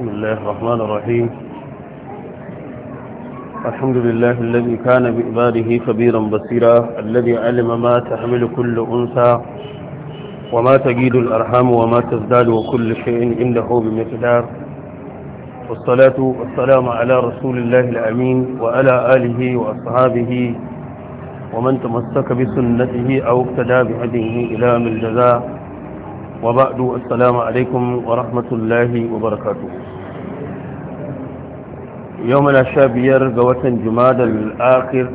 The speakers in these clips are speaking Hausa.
بسم الله الرحمن الرحيم الحمد لله الذي كان بإباده خبيرا بصيرا الذي علم ما تحمل كل أنثى وما تجيد الأرحام وما تزداد وكل شيء عنده بمقدار والصلاة والسلام على رسول الله الأمين وعلى آله وأصحابه ومن تمسك بسنته أو اقتدى بهديه إلى من جزاء وبعد السلام عليكم ورحمة الله وبركاته يومنا شابير قوة جماد الآخر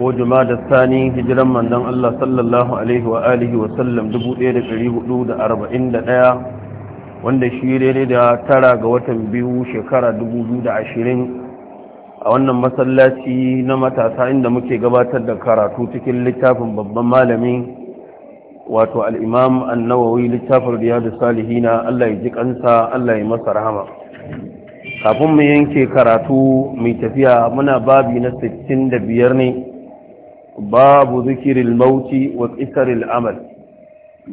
هو جماد الثاني هجرا من دم الله صلى الله عليه وآله وسلم دبو إيرا قريب أدود أربعين دقاء wanda shi daidai da tara ga watan biyu shekara ashirin a wannan masallaci na matasa inda دمكي gabatar da karatu اللي تافن babban malami wato al'imam annawawi littafin riyadu salihina Allah ya ji kansa Allah ya masa rahama kafin mu yanke karatu mai tafiya muna babi na 65 ne babu zikirin mauti wa tsisarin amal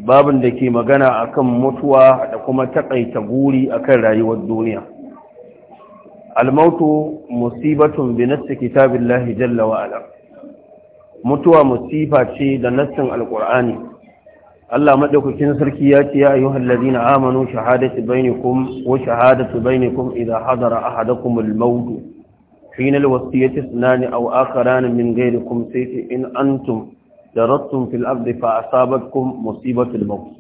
babin da ke magana akan mutuwa da kuma takaita guri akan rayuwar duniya almautu musibatun bi nassi kitabillahi jalla wa ala mutuwa musifa ce da nassin alqur'ani Allah madaukakin sarki ya ce ya ayyuhal ladina amanu shahadatu bainakum wa shahadatu bainakum idha hadara ahadakum al-maut hina al-wasiyati sunani aw akharan min ghayrikum sayfi in antum darattum fil ardi fa asabatkum musibatu al-maut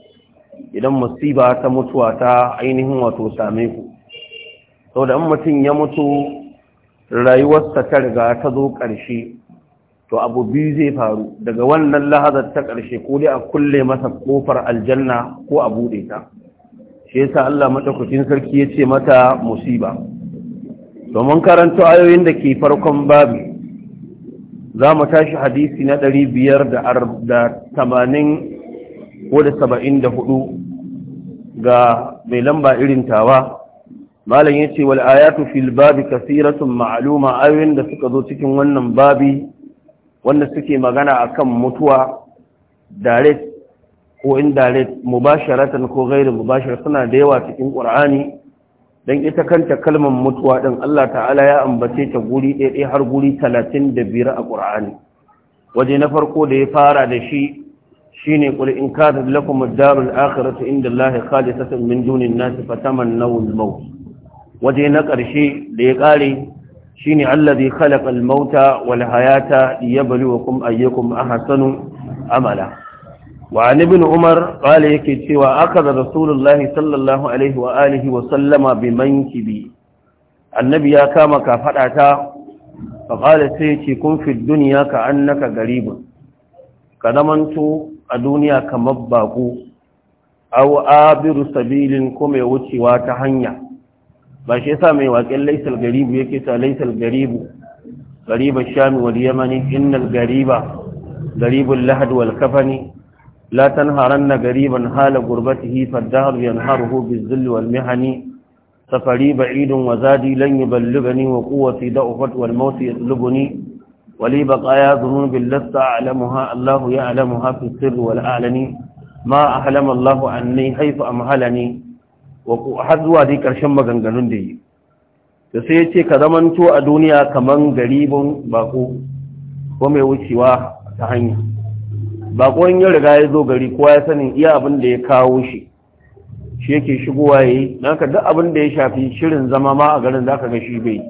idan musiba ta mutuwa ta ainihin wato same ku saboda in mutum ya mutu rayuwarsa ta riga ta zo ƙarshe to abu biyu zai faru daga wannan lahazar ta ƙarshe ko dai a kulle masa ƙofar aljanna ko a buɗe ta shi yasa Allah madaukakin sarki ya ce mata musiba to mun karanto ayoyin da ke farkon babu za mu tashi hadisi na ɗari biyar da tamanin ko da saba'in da hudu ga mai lamba irin tawa malam ya ce wal ayatu fil babi kasiratun ma'aluma ayoyin da suka zo cikin wannan babi wanda suke magana akan mutuwa direct ko indirect mubasharatan ko ghairu mubashara suna da yawa cikin Qur'ani dan ita kanta kalmar mutuwa din Allah ta'ala ya ambace ta guri ɗaya har guri talatin da biyar a Qur'ani waje na farko da ya fara da shi shine qul in kana lakum ad-darul akhiratu inda Allahi khalisatan min dunin nas fatamannaw al-maut waje na ƙarshe da ya ƙare shine allazi khalaqa al-mauta wal hayata liyabluwakum ayyukum ahsanu amala wa an ibn umar qala yake cewa akada rasulullahi sallallahu alaihi wa alihi wa sallama bi mankibi annabi ya kama ka fada ta fa qala sai cekun kun fi dunya ka annaka garibun ka zamanto a duniya kamar baku aw abiru sabilin kuma ya wucewa ta hanya ba shi yasa mai waƙin laisal garibu ya kisa laisal garibu garibar shami wal yamani innal gariba garibun lahad wal kafani la tanharan na hala gurbati hi fadahar yan haruhu bizil wal mihani safari ba'idun wa zadi lan yi ballugani wa kuwasi da ubatwa wal mawsi ya tsulubuni wali ba kaya zunun billasta alamuha allahu ya alamuha fi sirri wal alani ma a halama an ni haifu a mahalani har zuwa dai ƙarshen maganganun da yi da sai ce ka zamanto a duniya kaman garibin bako ko mai wucewa ta hanya in ya riga ya zo gari kowa ya sanin iya abin da ya kawo shi shi yake shigowa ya yi don ka duk abin da ya shafi shirin zama ma a garin zaka ga shi bai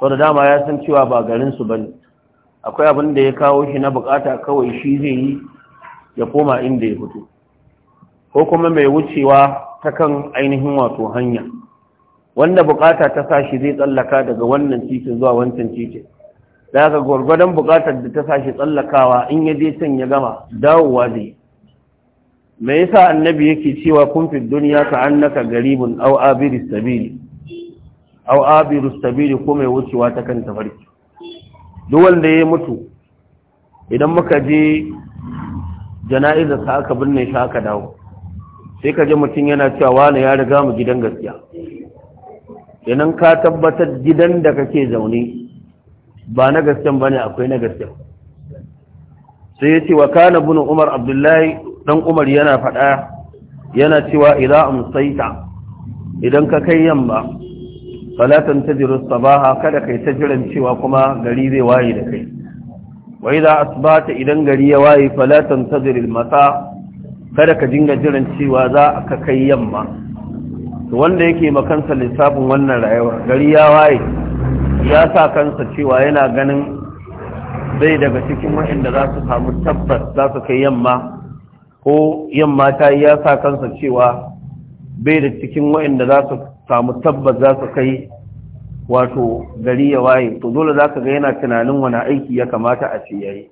sau da dama ya san cewa ba garinsu ba ne akwai abin da ya kawo shi na bukata kawai shi zai yi ya koma inda ya fito ko kuma mai wucewa ta kan ainihin wato hanya wanda bukata ta sa shi zai tsallaka daga wannan titin zuwa wancan titin daga gwargwadon bukatar da ta sa shi tsallakawa in ya je can ya gama dawowa zai me yasa annabi yake cewa kun fi duniya ka annaka garibun aw abiru sabili aw abiru sabili ko mai wucewa ta kan tafarki duk wanda ya mutu idan muka je jana'izar sa aka binne shi aka dawo sai ka ji mutum yana cewa wane ya riga mu gidan gaskiya idan ka tabbatar gidan da kake zaune ba na gasken bane akwai na gasken sai ya ce wa kana bin umar abdullahi dan umar yana faɗa yana cewa idan amsaita idan ka kai yamma salatan tajiru sabaha kada kai ta jiran cewa kuma gari zai waye da kai wa idan asbata idan gari ya waye falatan tajiril mata kada ka dinga jiran cewa za ka kai yamma wanda yake makansa lissafin wannan rayuwar gari ya waye ya sa kansa cewa yana ganin zai daga cikin waɗanda za su samu tabbas za su kai yamma ko yamma ta yi ya sa kansa cewa bai da cikin waɗanda za su samu tabbas za su kai wato gari ya waye to dole za ka ga yana tunanin wani aiki ya kamata a ce yayi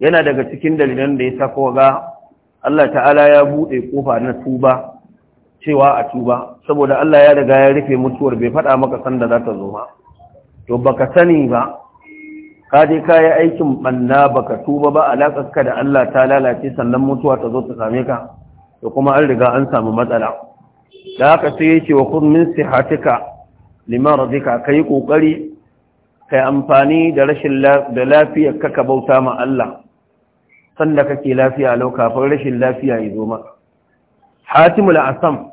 yana daga cikin dalilan da ya sa ga Allah ta'ala ya buɗe ƙofa na tuba cewa a tuba saboda Allah ya riga ya rufe mutuwar bai faɗa maka sanda za ta zo ba to baka sani ba ka je ka yi aikin banna baka tuba ba alaƙarka da Allah ta lalace sannan mutuwa ta zo ta same ka to kuma an riga an samu matsala da haka sai ya ce wa kun min sihatika liman radika ka yi ƙoƙari ka yi amfani da rashin da lafiyar ka ka bauta ma Allah sanda kake lafiya lau kafin rashin lafiya ya zo maka hatimul asam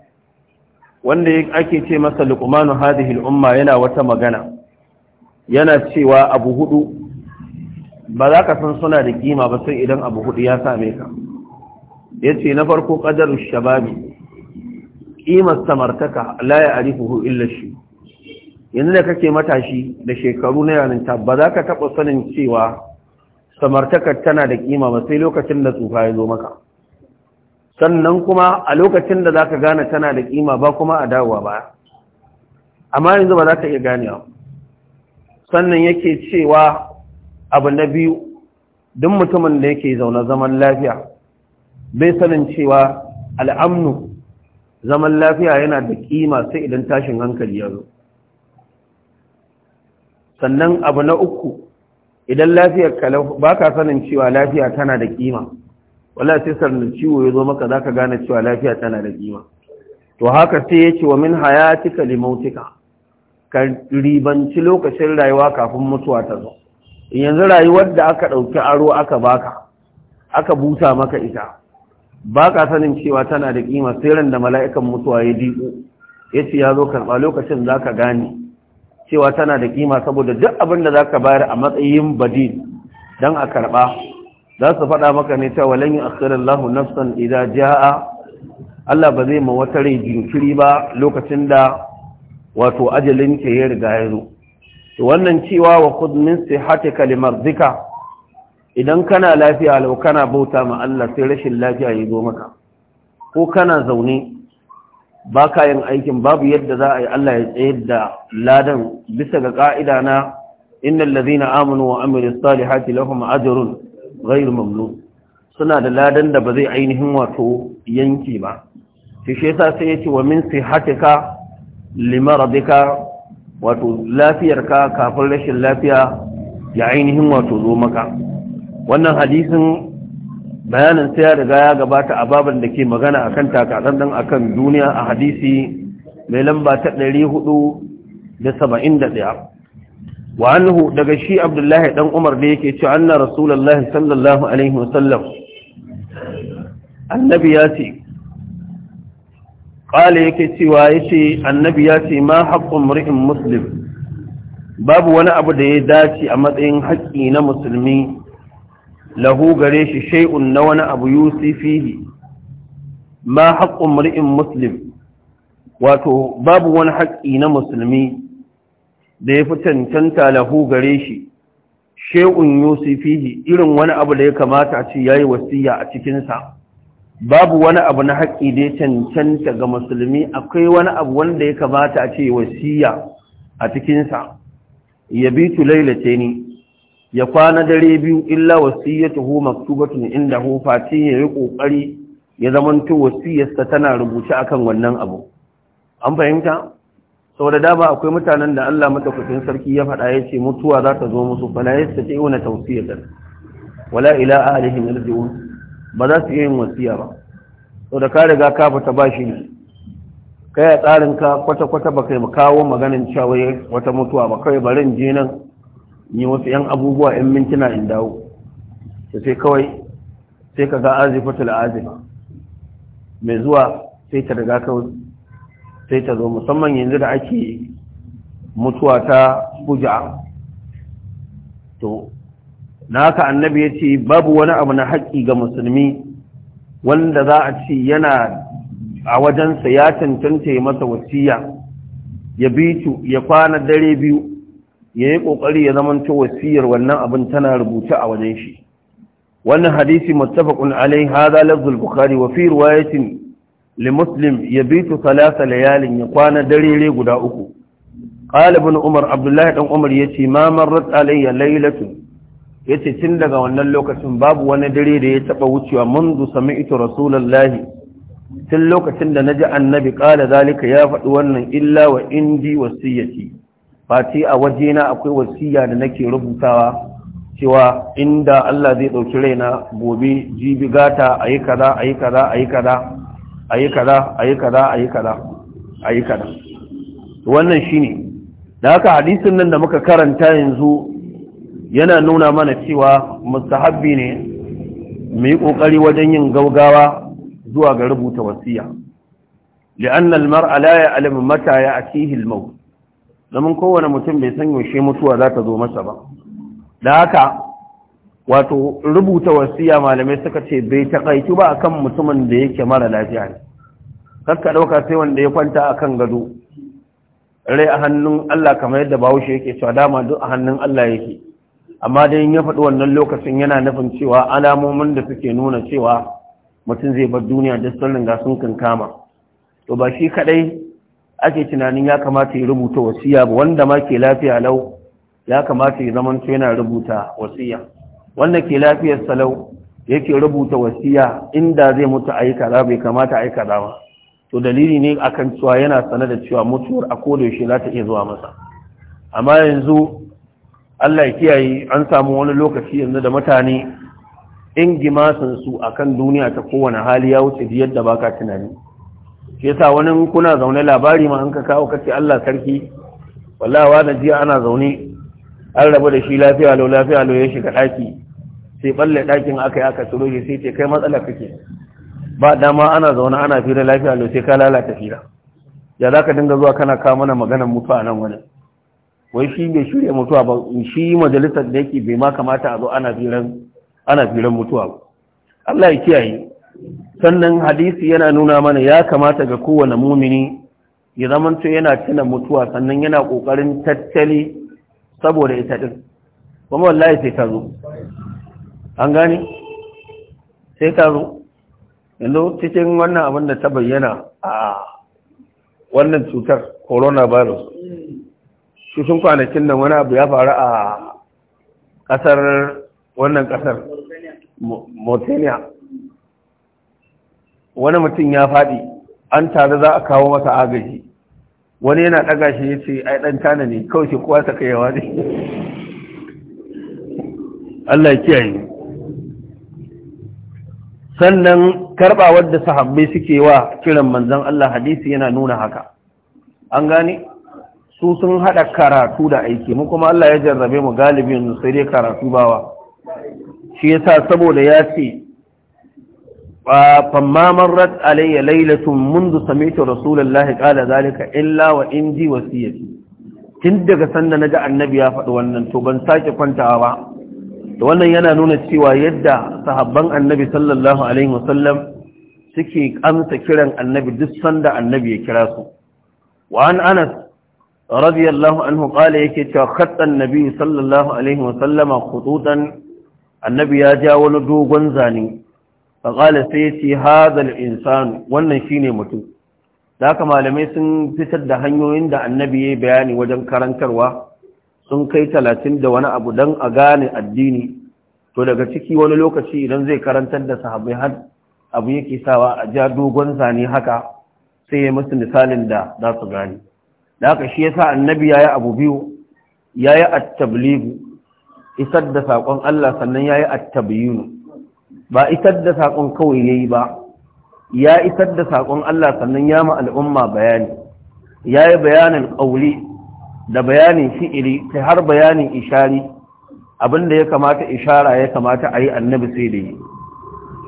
wanda ake ce masa luqmanu hadhihi al-umma yana wata magana yana cewa abu hudu ba za ka san suna da kima ba sai idan abu hudu ya same ka yace na farko qadaru shababi kimar samartaka la ya'rifuhu illa shi yanzu da kake matashi da shekaru na yarinta ba za ka taba sanin cewa samartakar tana da kima ba sai lokacin da tsufa ya zo maka sannan kuma a lokacin da za ka gane tana da kima ba kuma a dawowa ba amma yanzu ba za ka iya ganewa sannan yake cewa abu na biyu duk mutumin da yake zaune zaman lafiya bai sanin cewa al'amnu zaman lafiya yana da kima sai idan tashin hankali ya zo sannan abu na uku idan lafiyar ka ba ka sanin cewa lafiya tana da kima wala sai sanin ciwo ya zo maka za ka gane cewa lafiya tana da kima to haka sai ya ce wa min hayatika limautika ka ribanci lokacin rayuwa kafin mutuwa ta zo yanzu rayuwar da aka ɗauki aro aka baka aka buta maka ita ba ka sanin cewa tana da kima sai ran da mala'ikan mutuwa ya diko ya ce ya zo karɓa lokacin za ka gane cewa tana da kima saboda duk abin da za ka bayar a matsayin badin don a karba za su faɗa maka ne ta, yi asirin lahun nafsan idza jaa Allah ba zai ma wata rai jinkiri ba lokacin da wato ajalin ke ya riga ya zo to wannan cewa wa sai hati kalimar zika idan kana lafiya lau kana bauta ma Allah sai rashin lafiya ya zo maka ko kana zaune ba ka yin aikin babu yadda za a yi Allah ya tsayar da ladan bisa ga ƙa'ida na innal lazina amanu wa amilus salihati lahum ajrun ghayr mamnun suna da ladan da ba zai ainihin wato yanki ba shi shi yasa sai yace wa min sihatika limaradika wato lafiyarka kafin rashin lafiya ya ainihin wato zo maka wannan hadisin bayanin sai ya riga ya gabata a baban da ke magana a kan takasan dan kan duniya a hadisi mai lamba ta 471 wa anhu daga shi abdullahi dan umar da yake cewa anna rasulullahi sallallahu alaihi wasallam annabi ya ce qala yake cewa ce annabi ya ce ma haƙƙun murhin muslim babu wani abu da ya dace a matsayin haƙƙi na musulmi lahu gare shi shay'un na wani abu yusi fihi ma haqqu mar'in muslim wato babu wani haƙƙi na musulmi da ya fi cancanta lahu gare shi shay'un yusi fihi irin wani abu da ya kamata a ce yayi wasiya a cikin babu wani abu na haƙƙi da ya cancanta ga musulmi akwai wani abu wanda ya kamata a ce wasiya a cikin sa yabitu ni. ya kwana dare biyu illa wasiyyatuhu maktubatun indahu fati ya yi kokari ya zamanto wasiyarsa tana rubuce akan wannan abu an fahimta Sau da dama akwai mutanen da Allah matakwacin sarki ya faɗa ya ce mutuwa za ta zo musu wani tausiyar da wala ila alihin yarji'un ba za su yin wasiya ba Sau da ka riga ka ba bashi ne kai a tsarin ka kwata-kwata ba kai kawo maganin cewa wata mutuwa ba kai barin je nan yi wasu 'yan abubuwa 'yan mintuna in dawo da sai kawai sai ka ga azifatul azima mai zuwa sai ta daga kawai sai ta zo musamman yanzu da ake mutuwa ta buja to na haka annabi ya ce babu wani abu na haƙƙi ga musulmi wanda za a ce yana a wajensa ya cancanta masa wasiya ya bitu ya kwana dare biyu ya yi ƙoƙari ya zamanto wasiyar wannan abin tana rubuta a wajen shi wannan hadisi muttafaqun alai hadha lafzul bukhari wa fi riwayatin li muslim bitu salasa layalin ya kwana darere guda uku Ƙalibin umar abdullahi dan umar yace ma marrat alayya laylatun yace tun daga wannan lokacin babu wani dare da ya taba wucewa mundu sami'tu rasulullahi tun lokacin da naji annabi qala zalika ya faɗi wannan illa wa indi wasiyati Fati a wajena akwai wasiya da nake rubutawa cewa inda Allah zai ɗauki raina gobe jibi gata a yi kaza a yi kaza a yi kaza a yi kaza a yi kaza a kaza a yi kaza wannan shi ne da haka hadisin nan da muka karanta yanzu yana nuna mana cewa mustahabbi ne mu yi ƙoƙari wajen yin gaugawa zuwa ga rubuta wasiya li'annal mar'a la ya'lamu mata ya'tihi al-maut domin kowane mutum bai san yaushe mutuwa za ta zo masa ba da haka wato rubuta wasiya malamai suka ce bai takaitu ba akan mutumin da yake mara lafiya ne kakka ɗauka sai wanda ya kwanta akan gado rai a hannun Allah kamar yadda bahaushe yake cewa dama duk a hannun Allah yake amma dai ya faɗi wannan lokacin yana nufin cewa alamomin da suke nuna cewa mutum zai bar duniya da sun riga sun kankama to ba shi kadai ake tunanin ya kamata ya rubuta wasiya ba wanda ma ke lafiya lau ya kamata ya zama yana rubuta wasiya wanda ke lafiyar salau yake rubuta wasiya inda zai mutu a yi kaza bai kamata a yi kaza ba to dalili ne akan cewa yana sane da cewa mutuwar a yaushe za ta iya zuwa masa amma yanzu Allah ya kiyaye an samu wani lokaci yanzu da mutane in gimasansu su akan duniya ta kowane hali ya wuce yadda baka tunani shi yasa wani kuna zaune labari ma an ka kawo kace Allah sarki wallahi wa jiya ana zaune an rabu da shi lafiya lo lafiya lo ya shiga daki sai balle dakin aka yi aka tsiro shi sai ce kai matsala kake ba dama ana zaune ana fira lafiya lo sai ka lalata fira ya zaka dinga zuwa kana kawo mana maganar mutuwa nan wani wai shi bai shirya mutuwa ba shi majalisar da yake bai ma kamata a zo ana firan ana firan mutuwa ba Allah ya kiyaye sannan hadisi yana nuna mana ya kamata ga kowane mumini ya zamanto yana tuna mutuwa sannan yana kokarin tattali saboda ita din kuma wallahi sai ta zo an gani sai ta zo yanzu cikin wannan abin da ta bayyana a wannan cutar coronavirus cikin kwanakin nan wani abu ya faru a ƙasar wannan ƙasar mortenia wani mutum ya faɗi an tare za a kawo masa agaji wani yana ɗaga shi ya ce ai ɗan tana ne kawai shi kuwa ta kaiwa ne Allah ya kiyaye sannan karɓawar da sahabbai suke wa kiran manzon Allah hadisi yana nuna haka an gane su sun haɗa karatu da aiki mu kuma Allah ya jarrabe mu galibin sai dai karatu bawa shi yasa saboda ya ce فما مرت علي ليلة منذ سمعت رسول الله قال ذلك إلا وإندي وسيتي tun daga sanda na ji annabi ya faɗi wannan to ban sake kwantawa ba to wannan yana nuna cewa yadda sahabban annabi sallallahu alaihi wasallam suke amsa kiran annabi duk sanda annabi ya kira su wa an anas radiyallahu anhu qala yake cewa khatta annabi sallallahu alaihi wasallama khututan annabi ya ja wani dogon zane فقال sai ya ce hazal insanu wannan shine mutum da haka malamai sun fitar da hanyoyin da annabi ya bayani wajen karantarwa sun kai talatin da wani abu don a gane addini to daga ciki wani lokaci idan zai karantar da sahabbai har abu yake sawa a ja dogon zane haka sai ya musu misalin da za su gane da haka shi yasa annabi yayi abu biyu yayi at-tabligu isar da sakon Allah sannan yayi at-tabyinu ba isar da saƙon kawai ya yi ba ya isar da saƙon Allah sannan ya ma al'umma bayani ya yi bayanin ƙauli da bayanin fi'ili ta har bayanin ishari abinda ya kamata ishara ya kamata a yi annabi sai da yi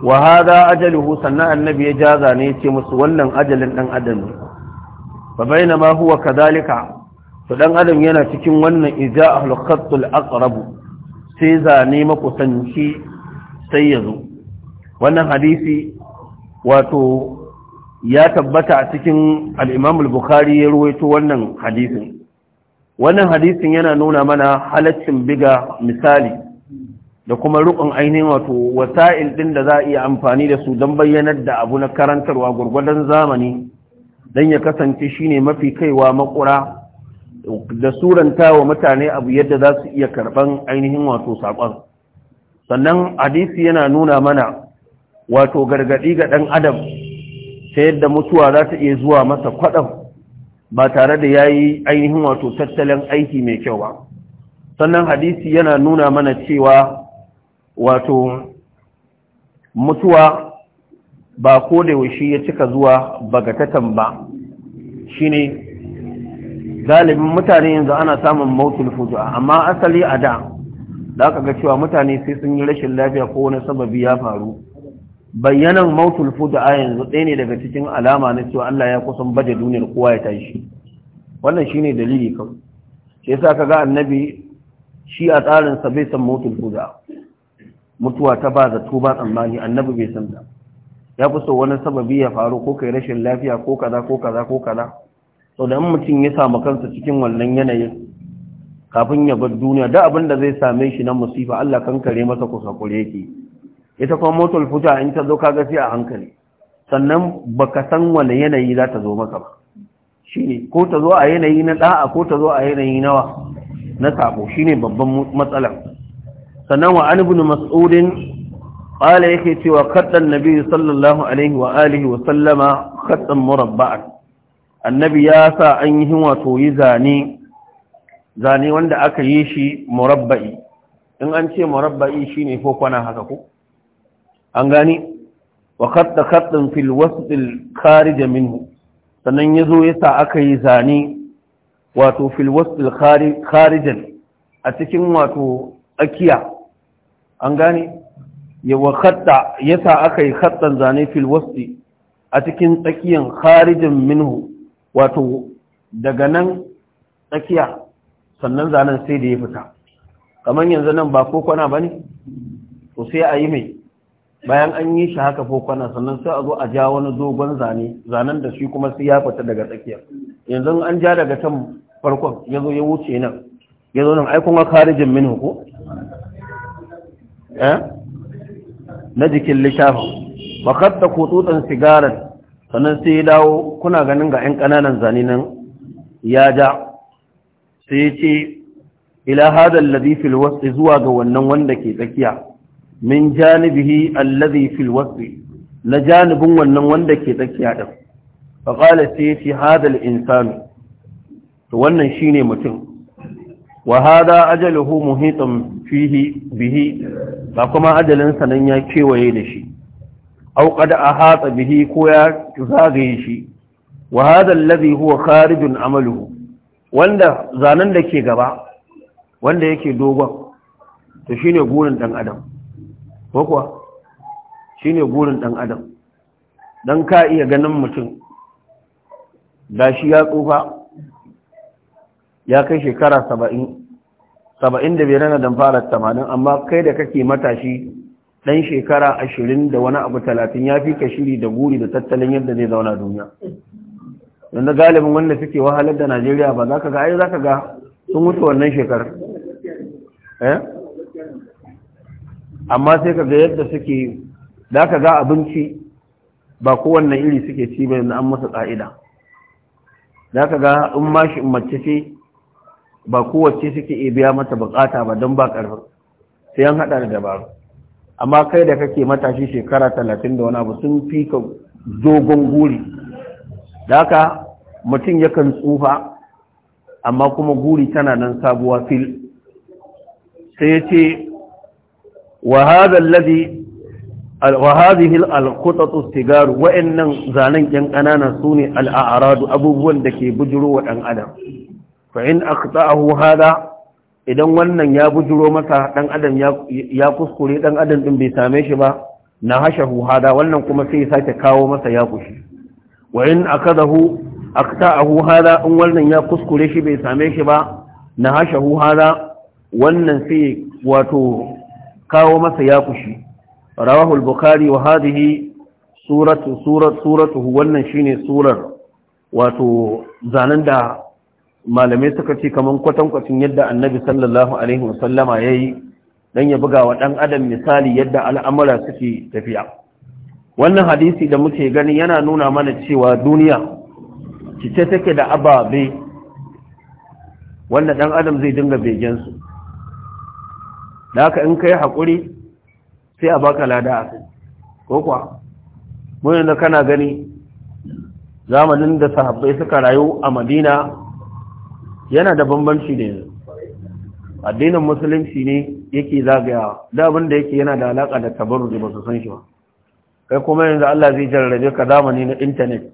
wa hada ajaluhu sannan annabi ya jaza ne ce musu wannan ajalin ɗan adam ne fa ma huwa kadhalika to ɗan adam yana cikin wannan ija a khattul aqrab sai zane makusanci sai ya zo wannan hadisi wato ya tabbata a cikin al'imam al-bukhari ya ruwaito wannan hadisin wannan hadisin yana nuna mana halaccin biga misali da kuma rukun ainihin wato wasa'il ɗin da za a iya amfani da su don bayyanar da abu na karantarwa gwargwadon zamani don ya kasance shine mafi kaiwa makura da suranta wa mutane abu yadda za su iya karɓan ainihin wato saƙon sannan hadisi yana nuna mana wato gargadi ga ɗan adam ta yadda mutuwa za ta iya zuwa masa kwaɗan ba tare da ya yi ainihin wato tattalin aiki mai kyau ba sannan hadisi yana nuna mana cewa wato mutuwa ba ko da yaushe ya cika zuwa bagatatan ba shi ne. galibin mutane yanzu ana samun mautul fujua amma asali a da da aka ga cewa mutane sai sun yi rashin lafiya ko wani sababi ya faru bayyanan mautul a yanzu ɗaya ne daga cikin alama na cewa Allah ya kusan baje duniyar kowa ya tashi wannan shi ne dalili kawai shi yasa ga annabi shi a tsarin sa bai san mautul fudu'a mutuwa ta ba zato ba tsammani annabi bai san ta ya fi so wani sababi ya faru ko kai rashin lafiya ko kaza ko kaza ko kaza sau da mutum ya samu kansa cikin wannan yanayin kafin ya bar duniya da abin da zai same shi na musifa Allah kankare masa kusa kusakure yake ita kuma motar futa in ta zo kaga sai a hankali sannan baka san wani yanayi za ta zo maka ba shine ko ta zo a yanayi na ɗa'a ko ta zo a yanayi nawa na shi shine babban matsalar sannan wa an ibn mas'ud qala yake cewa kaddan nabi sallallahu alaihi wa alihi wa sallama khatan murabba'an annabi ya sa an yi wato yi zane zane wanda aka yi shi murabba'i in an ce murabba'i shine ko kwana haka ko an gani wa katta kattin fil wasdil kharija minhu sannan yazo yasa aka yi zane wato fil wasdil kharijan a cikin wato tsakiya an gani ya wa katta yasa aka yi kattan zane fil wasdi a cikin tsakiyan kharijan minhu wato daga nan tsakiya sannan zanen sai da ya fita kamar yanzu nan ba ko kwana bane to sai a yi mai bayan an yi shi haka fokwana sannan sai a zo a ja wani dogon zane zanen da shi kuma sai ya fita daga tsakiya yanzu an ja daga can farkon ya zo ya wuce nan ya zo nan ai kuma karijin min ko eh? na jikin littafin bakar da kututan sigarar sannan sai ya dawo kuna ganin ga 'yan ƙananan zane nan ya ja sai ya ce ila hadar ladifil wasu zuwa ga wannan wanda ke tsakiya min janibihi allazi fil wasfi na janibin wannan wanda ke tsakiya din fa qala sayyidi hadha al insanu to wannan shine mutum wa hada ajaluhu muhitan fihi bihi ba kuma ajalin nan ya kewaye da shi aw qad ahata bihi ko ya zagaye shi wa hada alladhi huwa kharijun amaluhu wanda zanen da ke gaba wanda yake dogon to shine gurin dan adam ko shine gurin ɗan adam dan ka iya ganin mutum da shi ya tsufa ya kai shekara saba'in saba'in da bai rana don fara tamanin amma kai da kake matashi ɗan shekara ashirin da wani abu talatin ya fi ka shiri da guri da tattalin yadda zai zauna duniya yanzu galibin wanda suke wahalar da najeriya ba za ka ga ai za ka ga sun mutu wannan shekarar eh? amma sai ka ga yadda suke da ka ga abinci ba kowanne iri suke ci bai na an masa ƙa'ida da ka ga in mashi mace ce ba kowace suke iya biya mata bukata ba don ba ƙarfin sai an haɗa da dabaru amma kai da kake matashi shekara talatin da wani abu sun fi ka dogon guri da ka mutum yakan tsufa amma kuma guri tana nan sabuwa fil sai ya ce وهذا الذي وهذه الخطط السجار وإن زانن ين أنانا سوني الأعراض أبوبون دكي بجرو وأن أدم فإن أخطأه هذا idan wannan ya bujuro masa dan adam ya kuskure dan adam din bai same shi ba na hashahu hada wannan kuma sai ya sake kawo masa ya kushi wa in akadahu akta'ahu hada in wannan ya kuskure shi bai same shi ba na hashahu hada wannan sai wato kawo masa ya kushi rawahul bukhari wa hadhihi suratu suratu suratu wannan shine surar wato zanen da malamai suka ce kaman kwatankwacin yadda annabi sallallahu alaihi wasallama yayi dan ya buga wa dan adam misali yadda al'amura suke tafiya wannan hadisi da muke gani yana nuna mana cewa duniya cice take da ababe wanda dan adam zai dinga begen su. da haka in kai haƙuri sai a baka lada a kai ko kuwa mun da kana gani zamanin da sahabbai suka rayu a madina yana da bambanci da addinin musulunci ne yake zagayawa da abinda yake yana da alaƙa da tabaru da basu san shi ba kai kuma yanzu Allah zai jarrabe ka zamani na intanet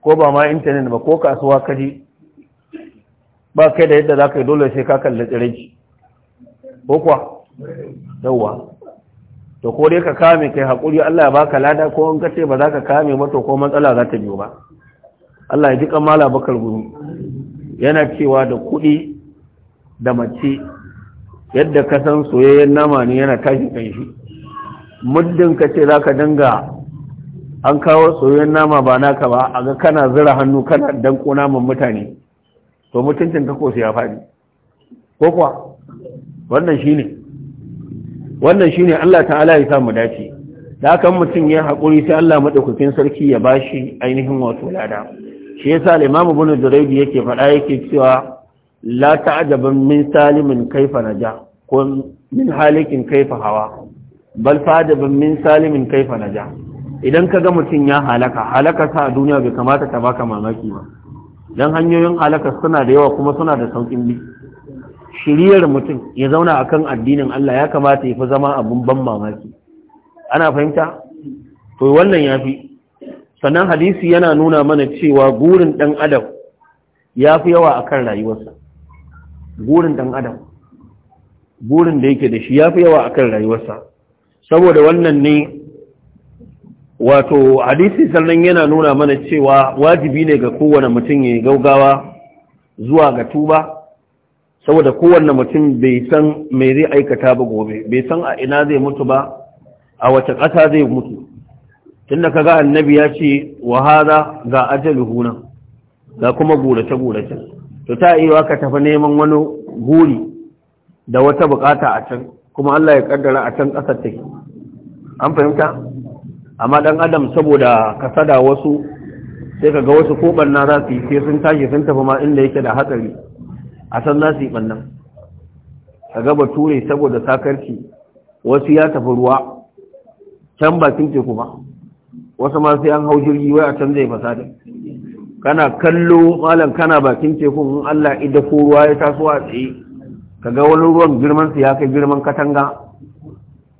ko ba ma intanet ba ko kasuwa kaji ba kai da yadda za ka yi dole sai ka kalli tsirinci ko kuwa yawwa to ko dai ka kame kai hakuri Allah ya baka lada ko in kace ba za ka kame ba ko matsala za ta biyo ba Allah ya ji mala bakar gumi yana cewa da kuɗi da mace yadda ka san soyayyen nama ne yana tashi kan shi muddin ka ce za ka dinga an kawo soyayyen nama ba naka ba a ga kana zira hannu kana dan naman mutane to mutuncin ka ko ya faɗi ko kuwa wannan shine wannan ne Allah ta'ala ya samu dace da kan mutum ya haƙuri sai Allah maɗaukakin sarki ya ba shi ainihin wato lada shi yasa sa, imam Ibn yake faɗa yake cewa la ta'jaban min salimin kaifa naja ko min halikin kaifa hawa bal fa'jaban min salimin kaifa naja idan kaga mutum ya halaka halaka sa a duniya bai kamata ta baka mamaki ba dan hanyoyin halaka suna da yawa kuma suna da saukin bi shiriyar mutum ya zauna a kan addinin Allah ya kamata ya fi zama abin ban mamaki ana fahimta to wannan ya fi. sannan hadisi yana nuna mana cewa gurin dan adam ya fi yawa a kan rayuwarsa gurin dan adam gurin da yake da shi yafi yawa a kan rayuwarsa saboda wannan ne wato hadisi sannan yana nuna mana cewa wajibi ne ga kowane mutum ya gaugawa zuwa ga tuba saboda kowanne mutum bai san me zai aikata ba gobe bai san a ina zai mutu ba a wace ƙasa zai mutu tunda kaga annabi ya ce wa ga ajaluhu nan ga kuma gurace gurace to ta iya ka tafi neman wani guri da wata bukata a can kuma Allah ya kaddara a can ƙasar take an fahimta amma dan adam saboda kasada wasu sai kaga wasu ko na za su yi sai sun tashi sun tafi ma inda yake da hatsari a san za su yi ɓannan a gaba ture saboda sakarci wasu ya tafi ruwa can bakin teku ba wasu masu yan hau jirgi wai a can zai fasada kana kallo malam kana bakin teku? in Allah ida ko ruwa ya taso a tsaye Ka ga wani ruwan girman su ya kai girman katanga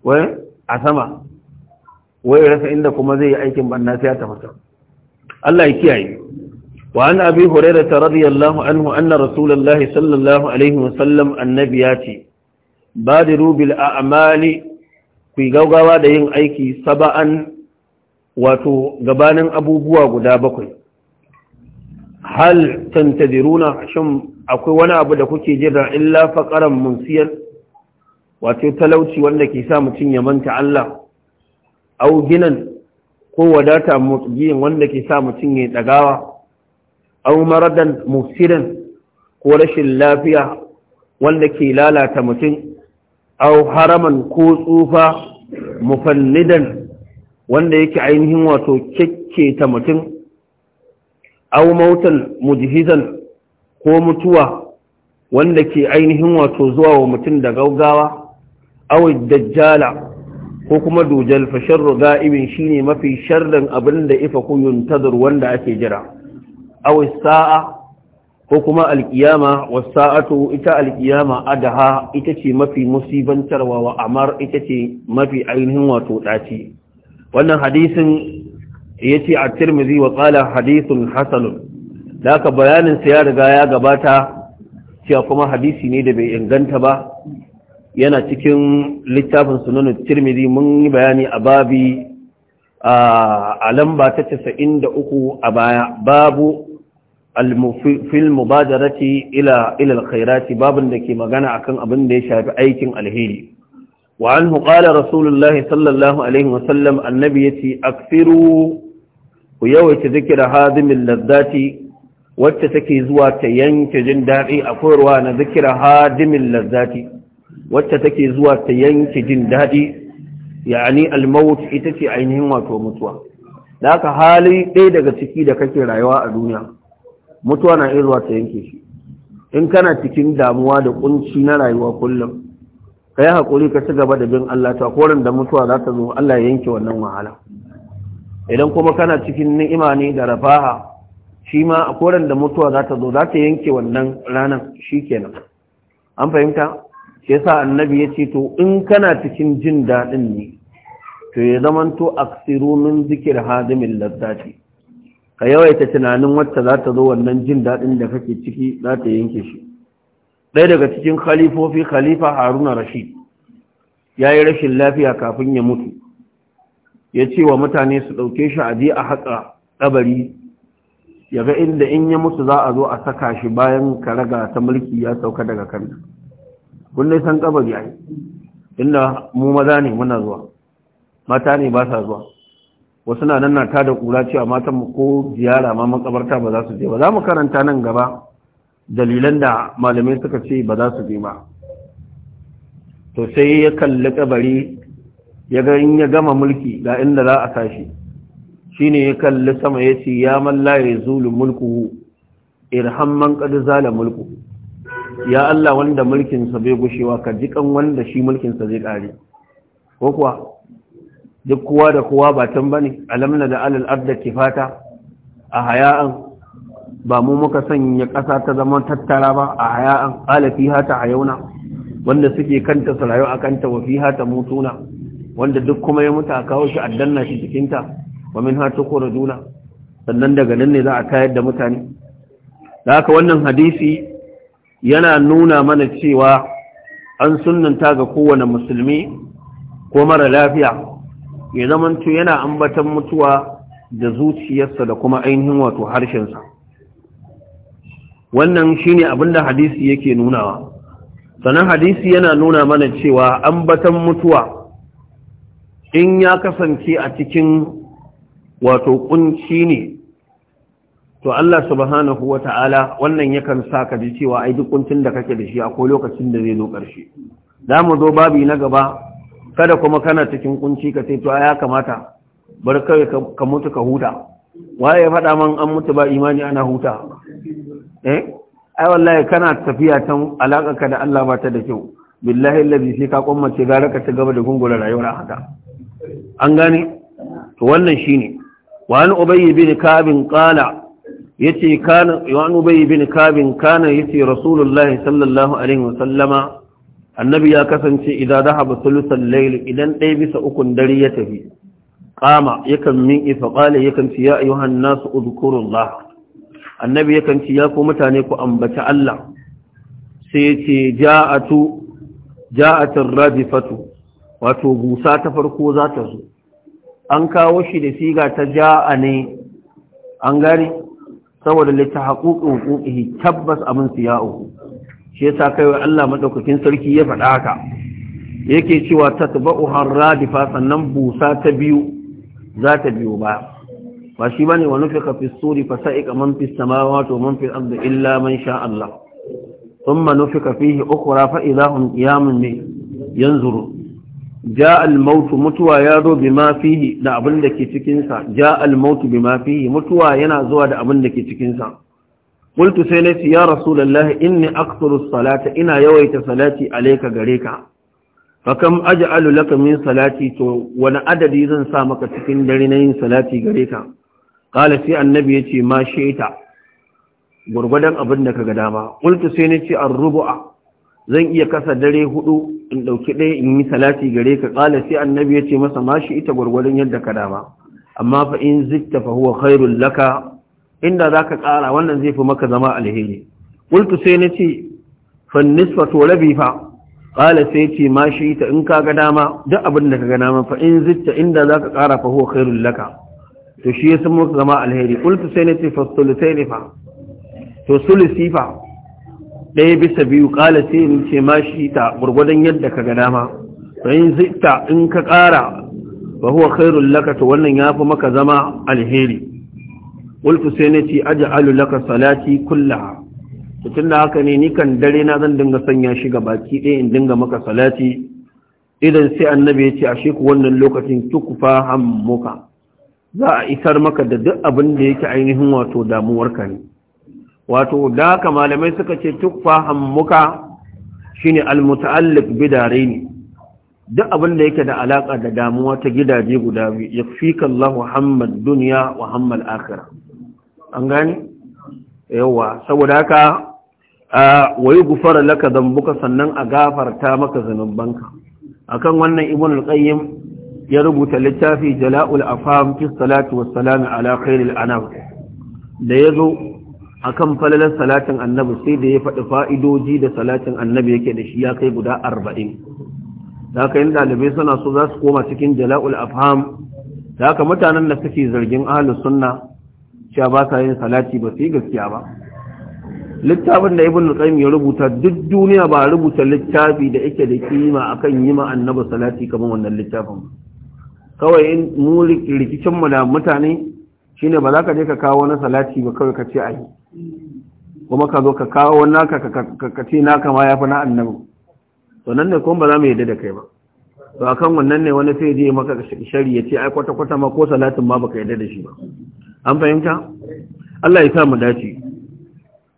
wai a sama wai rasa inda kuma zai yi aikin banna sai ya tafasa Allah ya kiyaye وعن أبي هريرة رضي الله عنه أن رسول الله صلى الله عليه وسلم النبيات بادروا بالأعمال في قوقوا دين أيكي سبعا وتقبانا أبوبوا قدابكم هل تنتظرون شم أقوى وانا أبدكوك جرى إلا فقرا منسيا وتتلوتي وانك سامتين يمن تعالى أو جنا قوة داتا مطبيا وانك سامتين يتقاوى Au maradan mufsidan ko rashin lafiya wanda ke lalata mutum Au haraman ko tsufa mufannidan wanda yake ainihin wato kekketa mutum Au mautan mujihizan ko mutuwa wanda ke ainihin wato zuwa wa mutum da gaugawa aw dajjala ko kuma dujal fa ga'ibin shine mafi sharrin abin da ifa kuyun tadur wanda ake jira aw sa'a ko kuma alkiyama wasa'atu ita alkiyama adaha ita ce mafi musibantarwa wa amar ita ce mafi ainihin wato ɗaci. wannan hadisin yace a Tirmidhi wa qala hadithun hasan laka bayanin sa ya riga ya gabata cewa kuma hadisi ne da bai inganta ba yana cikin littafin sunanin Tirmidhi mun yi bayani a babi a lamba ta uku a baya babu fil mubadarati ila ila alkhairati babin da ke magana akan abin da ya shafi aikin alheri wa anhu qala rasulullahi sallallahu alaihi wa sallam annabi yace Aksiru! ku yawaita zikira hadimil ladzati wacce take zuwa ta yanke jin daɗi a koyarwa na zikira hadimin lazzati wacce take zuwa ta yanke jin daɗi yani almaut ita ce ainihin wato mutuwa Daka hali ɗaya daga ciki da kake rayuwa a duniya mutuwa na iya zuwa ta yanke shi in kana cikin damuwa da kunci na rayuwa kullum ka yi haƙuri ka ci gaba da bin Allah ta koren da mutuwa za ta zo Allah ya yanke wannan wahala idan kuma kana cikin ni'ima ne da rafaha shi ma a koren da mutuwa za ta zo za ta yanke wannan ranar shi kenan an fahimta shi yasa annabi ya ce to in kana cikin jin daɗin ne to ya zamanto aksiru min zikir hadimin lazzati ka yawaita tunanin wacce za ta zo wannan jin daɗin da kake ciki za ta yanke shi ɗaya daga cikin khalifofi khalifa haruna rashid ya yi rashin lafiya kafin ya mutu ya ce wa mutane su ɗauke shi a je a haƙa ɗabari ya ga inda in ya mutu za a zo a saka shi bayan karaga ta mulki ya sauka daga kanta kullai san ƙabari yi. inda mu maza ne muna zuwa mata ne ba sa zuwa wasu na nan na ta da kura cewa matan mu ko ziyara ma makabarta ba za su je ba za mu karanta nan gaba dalilan da malamai suka ce ba za su je ba to sai ya kalli kabari ya ga in ya gama mulki ga inda za a tashi shine ya kalli sama ya ce ya malla ya zulu mulku irham man qad zala mulku?" ya Allah wanda mulkin sa bai gushewa ka jikan wanda shi mulkin sa zai kare ko kuwa duk kowa da kowa ba can bane alamna da alal arda fata a haya'an ba mu muka sanya ƙasa ta zama tattara ba a haya'an fi hata a hayuna wanda suke kanta su rayu a kanta wa mutuna wanda duk kuma ya mutu a kawo shi a danna shi cikin ta wa minha juna, sannan daga nan ne za a tayar da mutane da haka wannan hadisi yana nuna mana cewa an sunnanta ga kowane musulmi ko mara lafiya ya zamanto yana ambatan mutuwa da zuciyarsa da kuma ainihin wato harshensa wannan shine abin da hadisi yake nunawa sannan hadisi yana nuna mana cewa ambatan mutuwa in ya kasance a cikin wato kunci ne to Allah subhanahu wata'ala wannan yakan sa ka ji cewa ai duk kuncin da kake da shi akwai lokacin da zai zo ƙarshe za mu zo babi na gaba kada kuma kana cikin kunci ka ce to ya kamata bar kai ka mutu ka huta waye ya faɗa man an mutu ba imani ana huta eh ai wallahi kana tafiya tan alaka ka da Allah ba ta da kyau billahi allazi sai ka ce, gara ka ci gaba da gungula rayuwar haka an gane to wannan shine wa an ubayy bin kab qala yace kana wa an ubayy bin kab kana yace rasulullahi sallallahu alaihi wasallama annabi ya kasance idan dhahaba thuluthal layl idan ɗaya bisa ukun dare ya tafi qama yakan min ifqala yakan ci ya ayuhan nas udkurullah annabi yakan ci ya ku mutane ku ambaci Allah sai ce ja'atu ja'atir radifatu wato gusa ta farko za ta zo an kawo shi da siga ta ja'a ne an gane saboda littahaququ huquqihi tabbas abin siya'u shi yasa kai Allah madaukakin sarki ya faɗa haka yake cewa tatba'u harradifa sannan busa ta biyu za ta biyo ba ba shi bane wa nufika fi suri fa sa'iqa man fi samawati wa man fi ardi illa man sha Allah thumma nufika fihi ukhra fa idahum qiyamun yanzuru جاء mutuwa ya zo bima فيه da abin da ke cikin sa ja al maut bima fihi mutuwa yana zuwa da abin da ke cikin sa qultu sai nace ya in ni akthuru salata ina yawaita salati alayka gareka. ka fa kam aj'alu laka min to wani adadi zan sa maka cikin dare na yin salati gare ka qala sai annabi yace ma abin da kaga dama qultu sai nace ar-rubu'a zan iya kasa dare hudu in ɗauki ɗaya in yi salati gare ka ƙala annabi ya ce masa ma ita gwargwadon yadda ka dama amma fa in zitta fa huwa khairul laka inda za ka ƙara wannan zai fi maka zama alheri ƙultu sai na ce fan nisfa to rabi fa ƙala sai ce ma shi ta in ka ga dama duk abin da ka ga dama fa in zitta inda za ka ƙara fa huwa khairul laka to shi ya san maka zama alheri ƙultu sai na ce fa sulusai fa to sulusi fa ɗaya bisa biyu ƙala sai in ce ma shi ta gwargwadon yadda ka ga dama fa in zitta in ka ƙara fa huwa khairul laka to wannan ya fi maka zama alheri wulfu sai ajiye aj'alu laka salati kulla to da haka ne ni kan dare na zan dinga sanya shi ga baki ɗaya in dinga maka salati idan sai annabi ya ce ashe ku wannan lokacin tukufa muka, za a isar maka da duk abin da yake ainihin wato damuwarka ne wato da haka malamai suka ce tukfa muka shine bidare ne. duk abin da yake da alaka da damuwa ta gidaje guda biyu yakfikallahu hammad duniya wa hammal akhirah an gani yawa saboda haka wayi gufara laka zambuka sannan a gafarta maka zanubanka akan wannan ibn al ya rubuta littafi jala'ul afam fi salatu wassalamu ala khairil anam da yazo akan falalar salatin annabi sai da ya faɗi fa'idoji da salatin annabi yake da shi ya kai guda arba'in. da haka yin dalibai suna so za su koma cikin jala'ul afham da haka mutanen da suke zargin ahlus sunna cewa ba sa yin salati ba su yi gaskiya ba littafin da ibn qayyim ya rubuta duk duniya ba rubuta littafi da yake da kima akan yi ma annabi salati kamar wannan littafin kawai in mu rikicin mu da mutane shine ba za ka je ka kawo wani salati ba kawai ka ce ai kuma ka zo ka kawo wani naka ka ce naka ma yafi na annabi to nan ne kuma ba za mu yadda da kai ba to akan wannan ne wani sai je maka shari ya ce ai kwata kwata ma ko salatin ma baka yadda da shi ba an fahimta Allah ya sa mu dace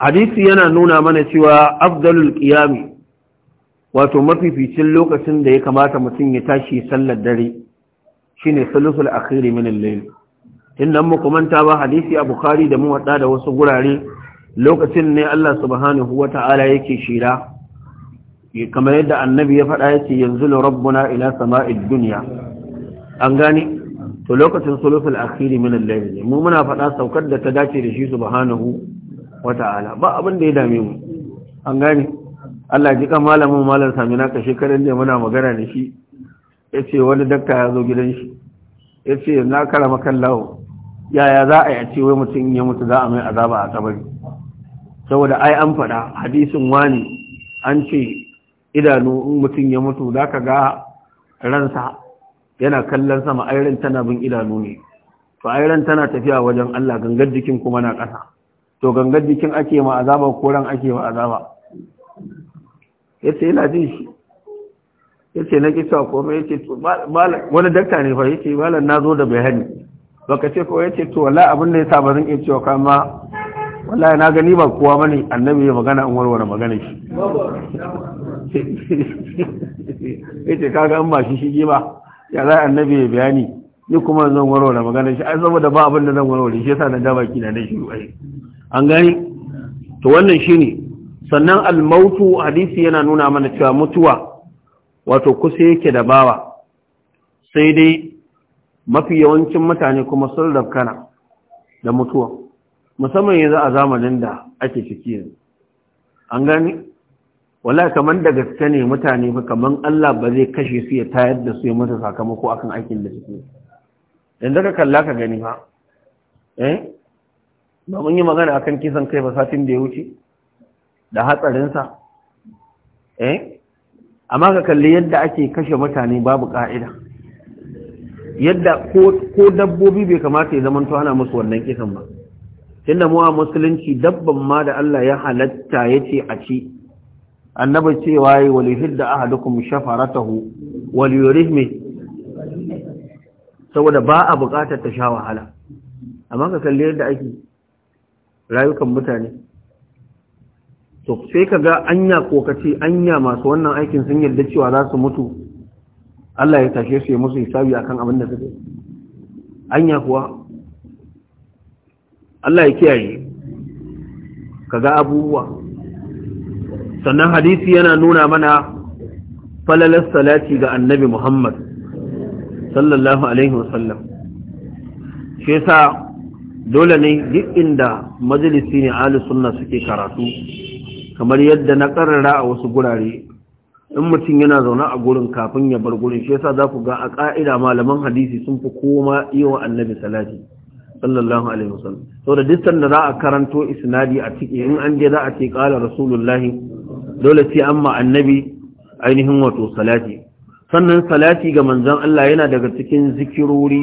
hadisi yana nuna mana cewa afdalul qiyami wato mafificin lokacin da ya kamata mutum ya tashi sallar dare shine sulusul akhiri min al-layl innan muku manta ba hadisi a bukhari da muwadda da wasu gurare lokacin ne Allah subhanahu wata'ala yake shira kamar yadda annabi ya faɗa yake yanzu rabbuna ila sama'id dunya an gane to lokacin sulusul akhiri min al-layl mu muna faɗa saukar da ta dace da shi subhanahu wata'ala ba abin da ya dame mu an gane Allah ji kan malamin malam Samina ka shekaran da muna magana da shi yace wani dakta ya zo gidan shi yace na karama kallawo yaya za a yi a ce wai mutum ya mutu za a mai azaba a kabari saboda ai an faɗa hadisin wani an ce idanu mutum ya mutu za ka ga ransa yana kallon sama ayran tana bin idanu ne to ayran tana tafiya wajen Allah gangar jikin kuma na ƙasa to gangar jikin ake ma azaba ko ran ake ma azaba yace yana jin shi yace na kisa komai yace to wani dakta ne fa yace malam nazo da bayani baka ce ko yace to wallahi abin da yasa bazan iya cewa kama wallahi na gani ba kowa bane annabi ya magana in warware magana shi yace kaga an ba shi shige ba ya za annabi ya bayani ni kuma zan warware magana shi ai saboda ba abin da zan warware shi yasa na da baki na dai shi ai an gani to wannan shine sannan al-mautu hadisi yana nuna mana cewa mutuwa wato kusa yake da bawa sai dai mafi yawancin mutane kuma sun rabkana da mutuwa musamman yanzu a zamanin da ake ciki yanzu an gani wala kaman da gaske ne mutane fa kaman Allah ba zai kashe su ya tayar da su ya masa sakamako akan aikin da suke yanzu ka kalla ka gani fa eh ba mun yi magana akan kisan kai ba satin da ya wuce da hatsarin sa eh amma ka kalli yadda ake kashe mutane babu ka'ida yadda ko ko dabbobi bai kamata ya zama to ana musu wannan kisan ba tunda mu a musulunci dabban ma da Allah ya halatta yace a ci annabi cewa yi walihidda ahadukum shafaratahu waliyurihmi saboda ba a buƙatar ta sha wahala amma ka kalli yadda ake rayukan mutane to sai ka ga anya kokaci anya masu wannan aikin sun yarda cewa za su mutu Allah ya tashe su ya musu hisabi akan abin da suke anya kuwa Allah ya kiyaye kaga abubuwa sannan hadisi yana nuna mana falalar salati ga annabi Muhammad sallallahu alaihi wasallam shi sa dole ne duk inda majalisi ne sunna suke karatu kamar yadda na karara a wasu gurare in mutum yana zaune a gurin kafin ya bar gurin shi sa za ku ga a ƙa'ida malaman hadisi sun fi koma iya wa annabi salati sallallahu alaihi wasallam saboda duk sanda za a karanto isnadi a ciki in an je za a ce qala rasulullahi dole sai amma annabi ainihin wato salati sannan salati ga manzon Allah yana daga cikin zikirori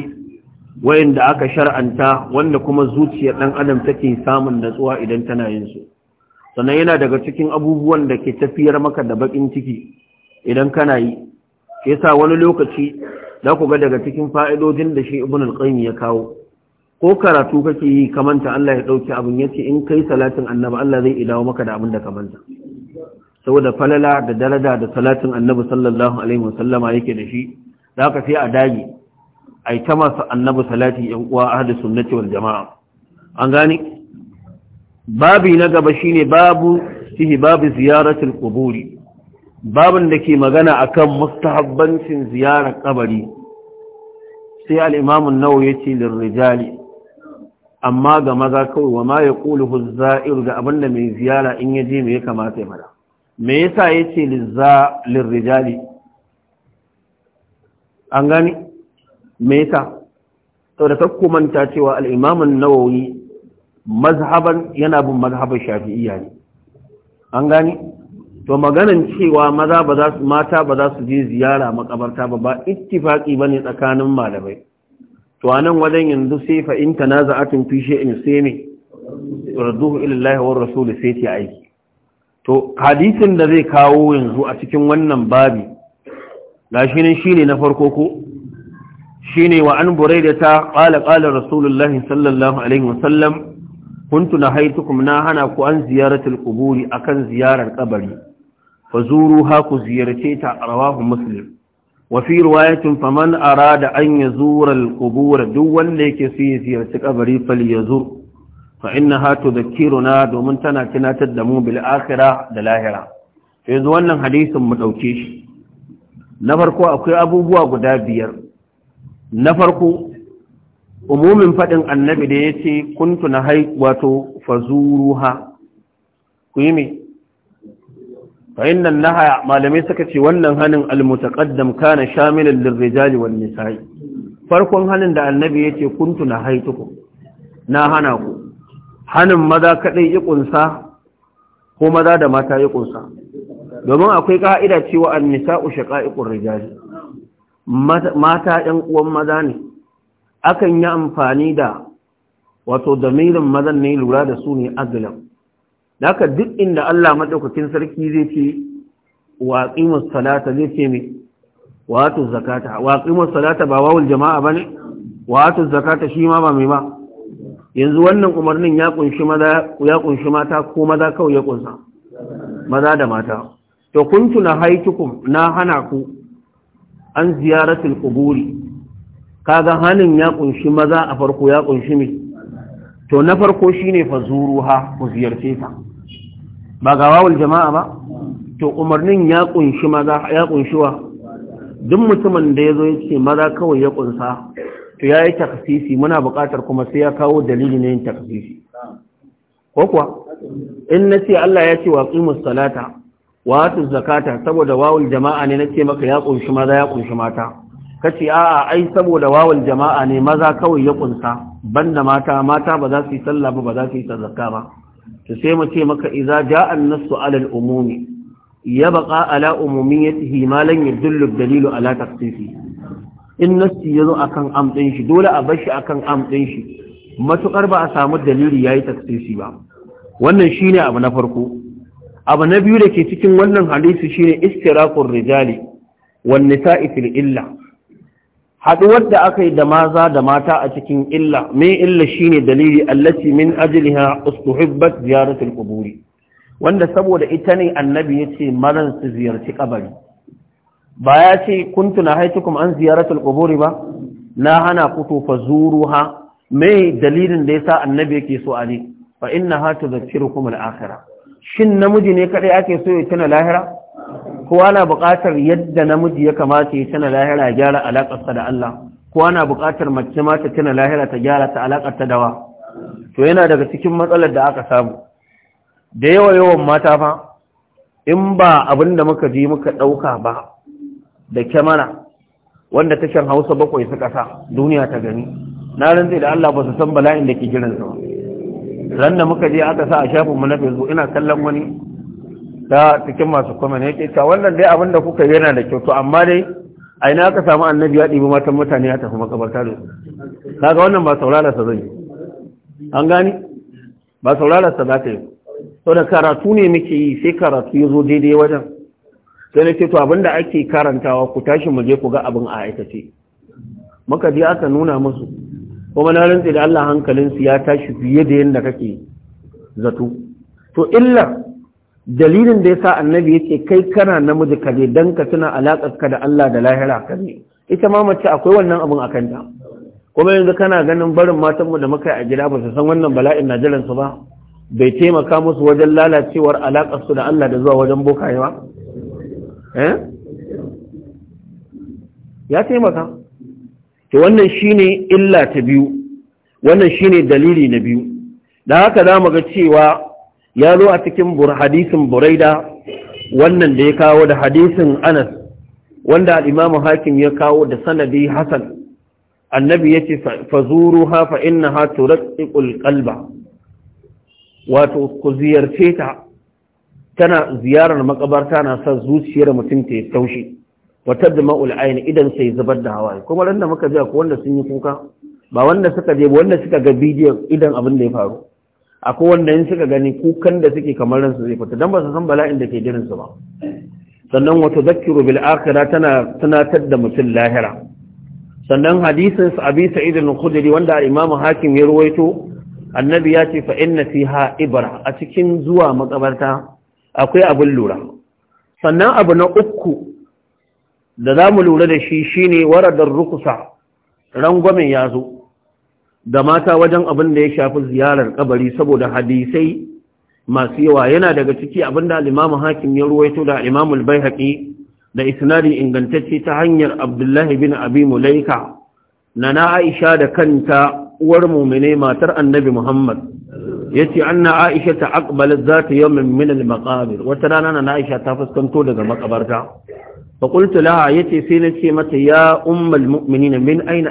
wayanda aka shar'anta wanda kuma zuciyar dan adam take samun natsuwa idan tana yin su sannan yana daga cikin abubuwan da ke tafiyar maka da bakin ciki idan kana yi yasa wani lokaci za ku ga daga cikin fa'idodin da shi ibn al-qayyim ya kawo ko karatu kake yi kamanta Allah ya dauki abin yace in kai salatin annabi Allah zai idawo maka da abin da kamanta saboda falala da daraja da salatin annabi sallallahu alaihi wasallama yake da shi za ka sai a dage ai ta masa annabi salati yan uwa ahli sunnati wal jama'a an gane babi na gaba shine babu sihi babu ziyaratul quburi babin da ke magana akan mustahabbancin ziyarar kabari sai al-imam an-nawawi yace lirrijali amma ga maza kawai wa ma yaquluhu az-za'ir da abinda mai ziyara in yaje me ya kamata ya fara me yasa yace lizza lirijali an gani me yasa to da kakku manta cewa al-imam an-nawawi mazhaban yana bin mazhabin shafi'iyya ne an gani to maganan cewa maza ba za su mata ba za su je ziyara makabarta ba ba ittifaqi bane tsakanin malamai to anan wajen yanzu sai fa in tanaza'atun fi shay'in sai ne radduhu ila Allah wa rasul sai ta aiki to hadisin da zai kawo yanzu a cikin wannan babi gashi ne shine na farko ko shine wa an buraida ta qala qala rasulullahi sallallahu alaihi wasallam kuntu nahaitukum na hana ku an ziyaratul quburi akan ziyarar kabari fazuruha ku ziyarce ta rawahu muslim wa fi riwayatin faman arada an yazura al qubur duk wanda yake so ya ziyarci kabari falyazur fa da tudhakkiruna domin tana tunatar da mu bil akhirah da lahira yanzu wannan hadisin mu dauke shi na farko akwai abubuwa guda biyar na farko umumin faɗin annabi da ya ce kuntu na hai wato fazuruha ku yi mai Fa nan na haya malamai suka ce wannan hannun almutakaddam kana shamilin lirrijali wal nisa? farkon hannun da annabi ya ce kuntu na hai tuku na hana ku hanin maza kaɗai ya ƙunsa ko maza da mata ya ƙunsa domin akwai ƙa'ida cewa an nisa'u ƙa'iƙun rijali mata ‘yan uwan maza ne akan yi amfani da wato damirin mazan ne lura da su ne agilan da aka duk inda Allah maɗaukakin sarki zai ce waƙimus salata zai ce mai wato zakata waƙimus salata ba wawul jama'a ba ne wato zakata shi ma ba mai ba yanzu wannan umarnin ya kunshi maza ya kunshi mata ko maza kawai ya kunsa maza da mata to kuntu na haitukum na hana ku an ziyaratul quburi kaga hanin ya kunshi maza a farko ya kunshi me to na farko shine fazuruha ku ziyarce ta ba ga wawul jama'a ba to umarnin ya kunshi maza ya kunshi wa duk mutumin da yazo yace maza kawai ya kunsa to ya yi takasisi muna buƙatar kuma sai ya kawo dalili na yin takasisi ko kuwa in na ce Allah ya ce wa ƙimus salata wa hatu zakata saboda wawul jama'a ne na ce maka ya ƙunshi maza ya ƙunshi mata ka ce a'a ai saboda wawul jama'a ne maza kawai ya ƙunsa banda mata mata ba za su yi sallah ba ba za su yi zakka ba to sai mu ce maka idza ja'a an nasu 'ala al-umumi yabqa 'ala umumiyyatihi ma lan yadullu ad-dalilu 'ala taqsisihi in nassi ya zo akan am ɗin shi dole a bar shi akan am ɗin shi matukar ba a samu dalili yi taksisi ba wannan shine abu na farko abu na biyu da ke cikin wannan hadisi shine istiraqur rijali wan nisa'i fil illa haduwar da aka yi da maza da mata a cikin illa mai illa shine dalili allati min ajliha ustuhibbat ziyaratul quburi wanda saboda ita ne annabi yace maran su ziyarci kabari ba ya ce kun tuna haitukum an ziyaratul quburi ba na hana ku to fazuruha me dalilin da yasa annabi yake so ali fa innaha tudhakkirukum al-akhirah shin namiji ne kadai ake so ya tana lahira kowa na buƙatar yadda namiji ya kamata ya tana lahira ya gyara alaƙarsa da Allah kowa na buƙatar mace ma ta tana lahira ta gyara ta alaƙarta da wa to yana daga cikin matsalar da aka samu da yawa yawan mata fa in ba abinda muka je muka ɗauka ba da kyamara wanda tashar hausa bakwai suka sa duniya ta gani na rantse da Allah ba su san bala'in da ke jiran sa ran da muka je aka sa a shafin mu na Facebook ina kallon wani ta cikin masu comment yake ta wannan dai abin da kuka yana da kyau to amma dai a ina aka samu annabi ya ɗibi matan mutane ya tafi makabarta da su kaga wannan ba saurara sa zai an gani ba saurara sa za ta yi to da karatu ne muke yi sai karatu ya zo daidai wajen sai na ce to abinda ake karantawa ku tashi mu je ku ga abin a aikace muka je aka nuna musu kuma na rantsi da Allah hankalin su ya tashi fiye da yadda kake zato to illa dalilin da yasa annabi yace kai kana namiji ka dan ka tuna alakar ka da Allah da lahira ka ita ma mace akwai wannan abin a kanta kuma yanzu kana ganin barin matan mu da muka yi a gida ba su san wannan bala'in na jiran su ba bai taimaka musu wajen lalacewar alakar su da Allah da zuwa wajen bokaye ba Eh? ya taimaka to wannan shine illa ta biyu wannan shine dalili na biyu da haka za mu ga cewa ya zo a cikin hadisin buraida wannan da ya kawo da hadisin anas wanda al'imamu hakim ya kawo da sanadi hasan annabi ya ce fazuru hafa inna ha turaƙiƙul kalba. wato ku ziyarce ta tana ziyarar makabarta na sa zuciyar mutum ta yi taushe wata da aini idan sai zubar da hawaye kuma ran muka ji akwai wanda sun yi kuka ba wanda suka je wanda suka ga bidiyon idan abin da ya faru akwai wanda yin suka gani kukan da suke kamar su zai fita dan ba su san bala'in da ke jirin su ba sannan wata zakiru bil akhirah tana tunatar da mutum lahira sannan hadisin abi sa'id al-khudri wanda imam hakim ya ruwaito annabi ya ce fa inna fiha ibra a cikin zuwa makabarta akwai abin lura sannan abu na uku da za mu lura da shi shine waradar rukusa rangwamen ya zo da mata wajen abin da ya shafi ziyarar kabari saboda hadisai masu yawa yana daga ciki abin da limamu hakim ya ruwaito da imamul bai haƙi da isnadi ingantacce ta hanyar abdullahi bin abi mulaika na na aisha da kanta uwar mumine matar annabi muhammad Ya ce, an na aisha ta za ta yawmin min al-maqabir wata rana na aisha ta fuskanto daga makabarta fa qultu laha yace sai ce mata ya ummul na, min aina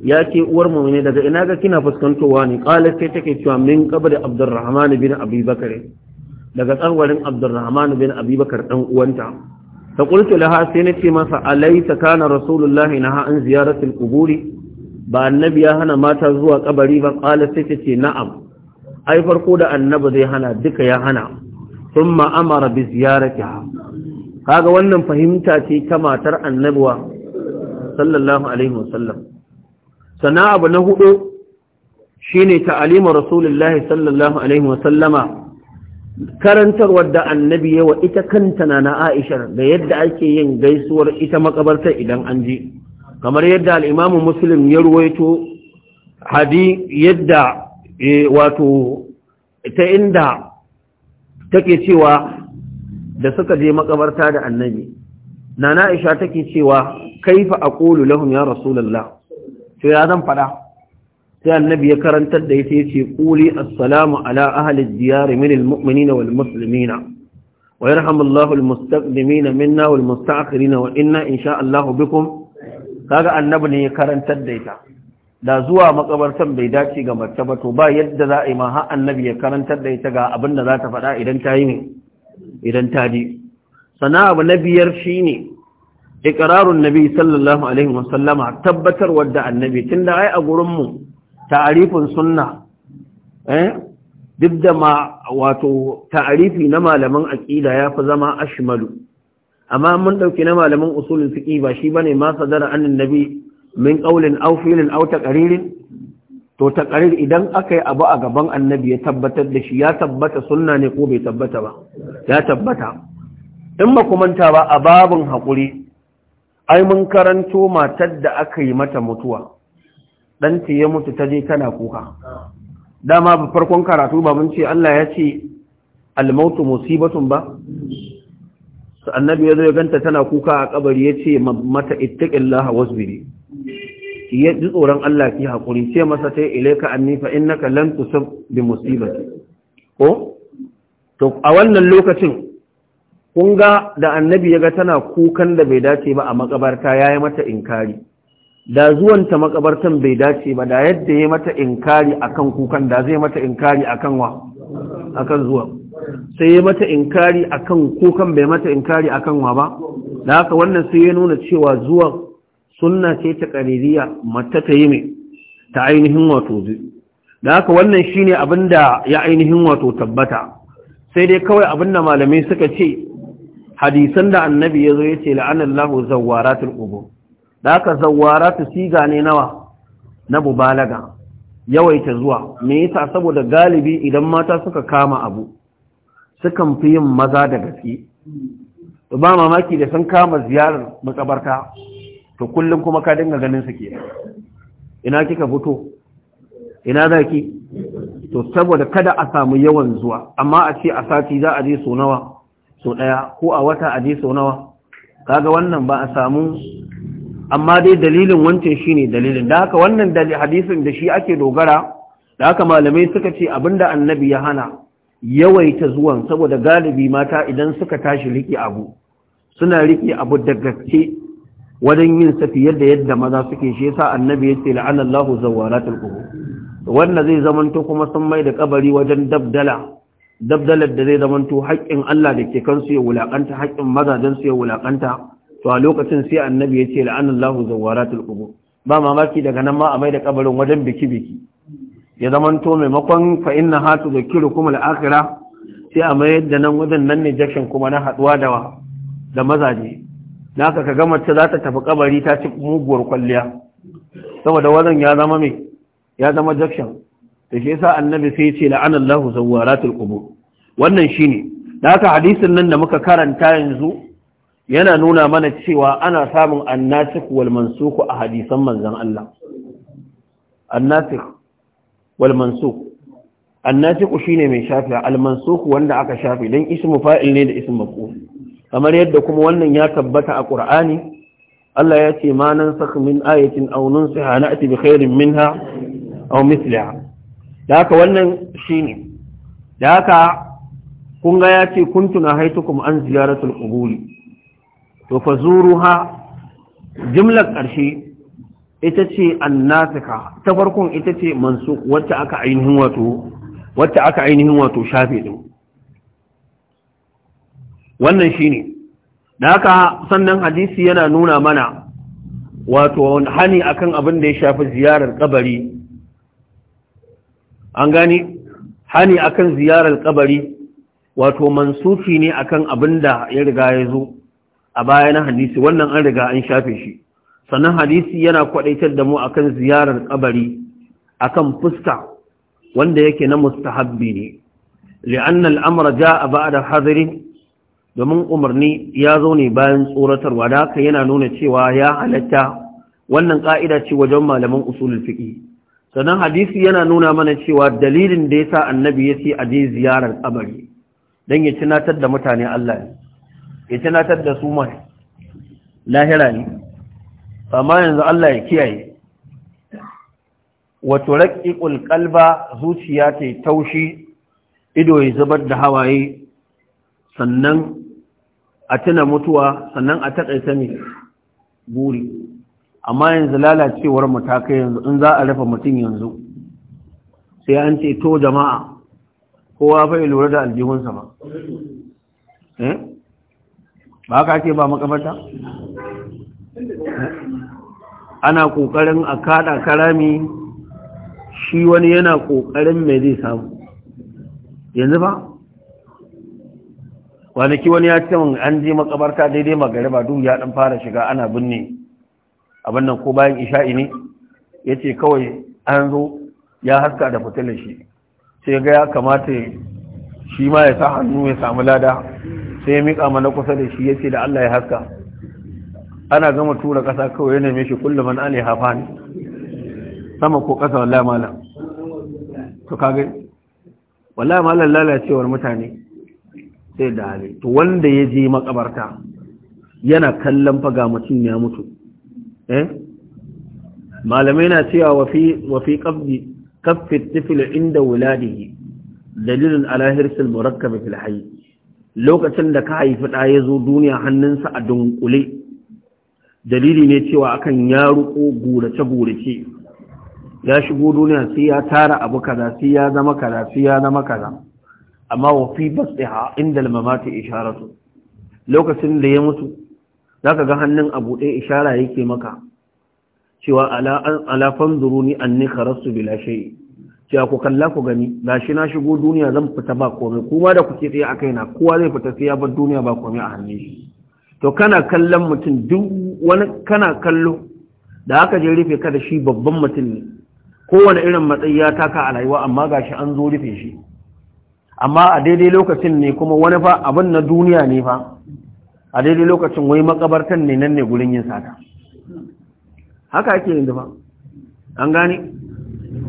Ya yace uwar mu'mini daga ina ga kina fuskantowa ne qalat sai take cewa min qabri abdurrahman bin abi bakr daga tsangwarin abdurrahman bin abi bakr dan uwanta fa qultu laha sai nace masa alaysa kana rasulullahi naha an ziyaratil quburi ba annabi ya hana mata zuwa kabari ba qala sai tace na'am ai farko da annabi zai hana duka ya hana thumma amara bi ziyaratiha kaga wannan fahimta ce ta matar annabuwa sallallahu alaihi wasallam sana abu na hudu shine ta'alimu rasulullahi sallallahu alaihi wasallama karantarwar da annabi yawa ita kanta na Aisha da yadda ake yin gaisuwar ita makabartar idan an je. kamar yadda al Muslim ya ruwaito hadi yadda e wato ta inda take cewa da suka je makabarta da annabi nana aisha take cewa kaifa aqulu lahum ya rasulullah to ya zan fada sai annabi ya karantar da yace yace quli assalamu ala ahli ad-diyar min al wal muslimina wa yarhamullahu al-mustaqdimina minna wal musta'akhirina wa inna insha Allah bikum kaga annabi ne ya karantar da ita da zuwa makabartan bai dace ga mace ba to ba yadda za a yi ma annabi ya karantar da ita ga abin da za ta faɗa idan ta yi idan ta ji sana abu na biyar shine iqrarun nabi sallallahu alaihi wasallama tabbatar wadda annabi tunda ai a gurin mu ta'arifin sunna eh duk da ma wato ta'arifi na malaman aqida ya fi zama ashmalu amma mun dauki na malaman usulul fiqi ba shi bane ma sadara annabi min ƙaulin aufilin au ƙaririn? to ta ƙarir idan aka yi abu a gaban annabi ya tabbatar da shi ya tabbata sunna ne ko bai tabbata ba ya tabbata in ba manta ba a babin haƙuri ai mun karanto matar da aka yi mata mutuwa ɗanta ya mutu ta je tana kuka dama ba farkon karatu ba mun ce Allah ya ce almautu musibatun ba annabi ya zo ya ganta tana kuka a kabari ya ce mata ittaqillaha wasbiri ya ji tsoron Allah ki haƙuri, ce masa ta ilaika nifa in naka lan tusab bi musibati ko to a wannan lokacin kun ga da annabi ya ga tana kukan da bai dace ba a makabarta ya yi mata inkari da zuwanta makabartan bai dace ba da yadda ya mata inkari akan kukan da zai mata inkari akan wa akan zuwa sai ya mata inkari akan kukan bai mata inkari akan wa ba da haka wannan sai ya nuna cewa zuwan sunna ce ta ƙaririya mata ta yi mai ta ainihin wato da haka wannan shine abin da ya ainihin wato tabbata sai dai kawai abinda malamai suka ce hadisan da annabi ya zo ya ce la'anallahu zawaratul qubur da haka zawaratu siga ne nawa na mubalaga yawaita zuwa me yasa saboda galibi idan mata suka kama abu sukan fi yin maza da gaske ba mamaki da sun kama ziyarar makabarta to kullum kuma ka dinga ganin su ke ina kika fito ina za to saboda kada a samu yawan zuwa amma a ce a sati za a je so nawa so ɗaya ko a wata a je so nawa kaga wannan ba a samu amma dai dalilin wancan shine dalilin da haka wannan hadisin da shi ake dogara da haka malamai suka ce abinda annabi ya hana yawaita zuwan saboda galibi mata idan suka tashi riki abu suna riki abu da gaske wajen yin sa da yadda maza suke shi yasa annabi ya ce la'ana Allahu zawaratul qubur wanda zai zamanto kuma sun mai da kabari wajen dabdala dabdalar da zai zamanto haƙƙin Allah da ke kansu ya wulakanta haƙƙin mazajen su ya wulakanta to a lokacin sai annabi ya ce la'ana Allahu zawaratul qubur ba mamaki daga nan ma a mai da kabarin wajen biki biki ya zamanto maimakon fa inna hatu zakirukum al-akhirah sai a mayar da nan wajen nan ne jakshin kuma na haduwa da da mazaje naka ka gama ta za ta tafi kabari ta ci muguwar kwalliya saboda wazan ya zama mai ya zama jakshan da shi yasa annabi sai ce la'ana Allah zawaratul qubur wannan shine da hadisin nan da muka karanta yanzu yana nuna mana cewa ana samun annasikh wal mansukh a hadisan manzon Allah annasikh wal mansukh annasikh shine mai shafi al mansukh wanda aka shafi dan ismu fa'il ne da ismu maf'ul kamar yadda kuma wannan ya tabbata a ƙur'ani Allah ya ce ma nan saka min ayatin aw nunsiha na'ti bi khairin minha aw misliha da haka wannan shine da haka kun ga ya ce kuntuna haitukum an ziyaratul quburi to ha jimlar ƙarshe ita ce annasika ta farkon ita ce mansu wacce aka ainihin wato wacce aka ainihin wato shafe din wannan shi ne. da haka sannan hadisi yana nuna mana wato hani akan abin da ya shafi ziyarar kabari an gani hani akan ziyarar kabari wato mansufi ne akan abin da ya riga ya zo a bayan hadisi wannan an riga an shafe shi sannan hadisi yana kwadaitar da mu akan ziyarar kabari akan fuska wanda yake na mustahabbi ne ja a jaa ba'da hadrin domin umarni ya zo ne bayan tsoratarwa da haka yana nuna cewa ya halatta wannan ƙa'ida ce wajen malaman usulul fiqi sannan hadisi yana nuna mana cewa dalilin da yasa annabi ya ce a je ziyarar kabari dan ya tunatar da mutane Allah ne ya tunatar da su mai lahira ne amma yanzu Allah ya kiyaye Wato raƙi ƙulƙalba zuciya ta taushi ido ya zubar da hawaye sannan a tuna mutuwa sannan a taƙaita mai buri amma yanzu lalacewar matakai yanzu in za a rufe mutum yanzu sai an ce to jama'a kowa bai lura da aljihunsa ba eh? ba ka ce ba makamata eh? ana ƙoƙarin a kaɗa karami shi wani yana ƙoƙarin mai zai samu yanzu ba kwanaki wani ya ce an je makabarta daidai magariba duk ya dan fara shiga ana binne abin nan ko bayan isha'i ne ya ce kawai an zo ya haska da fitilar shi sai ga ya kamata shi ma ya sa hannu ya samu lada sai ya miƙa mana kusa da shi ya ce da Allah ya haska ana gama tura ƙasa kawai ya neme shi kullum an ne hafa ne sama ko ƙasa wallahi malam to kage wallahi malam lalacewar mutane sai da hali to wanda ya je makabarta yana kallon faga mutum ya mutu eh malamai na cewa wafi fi qabdi kaffi tifil inda wuladihi dalilin ala hirsil murakkab fil hayy lokacin da ka haifi da ya zo duniya hannunsa a dunkule dalili ne cewa akan ya ruko gurace gurace ya shigo duniya sai ya tara abu kaza sai ya zama kaza sai ya zama kaza amma wa fi basdiha inda al ishara isharatu lokacin da ya mutu zaka ga hannun abu ɗaya ishara yake maka cewa ala ala ni anni kharastu bila shay cewa ku kalla ku gani gashi na shigo duniya zan fita ba komai kuma da kuke tsaye akai na kowa zai fita sai ya bar duniya ba komai a hannun shi to kana kallon mutum duk wani kana kallo da aka je rufe ka da shi babban mutum ne kowane irin matsayi ya taka a rayuwa amma gashi an zo rufe shi amma a daidai lokacin ne kuma wani fa abin na duniya ne fa a daidai lokacin wai makabartan ne nan ne gurin yin sata haka ake yin fa, an gane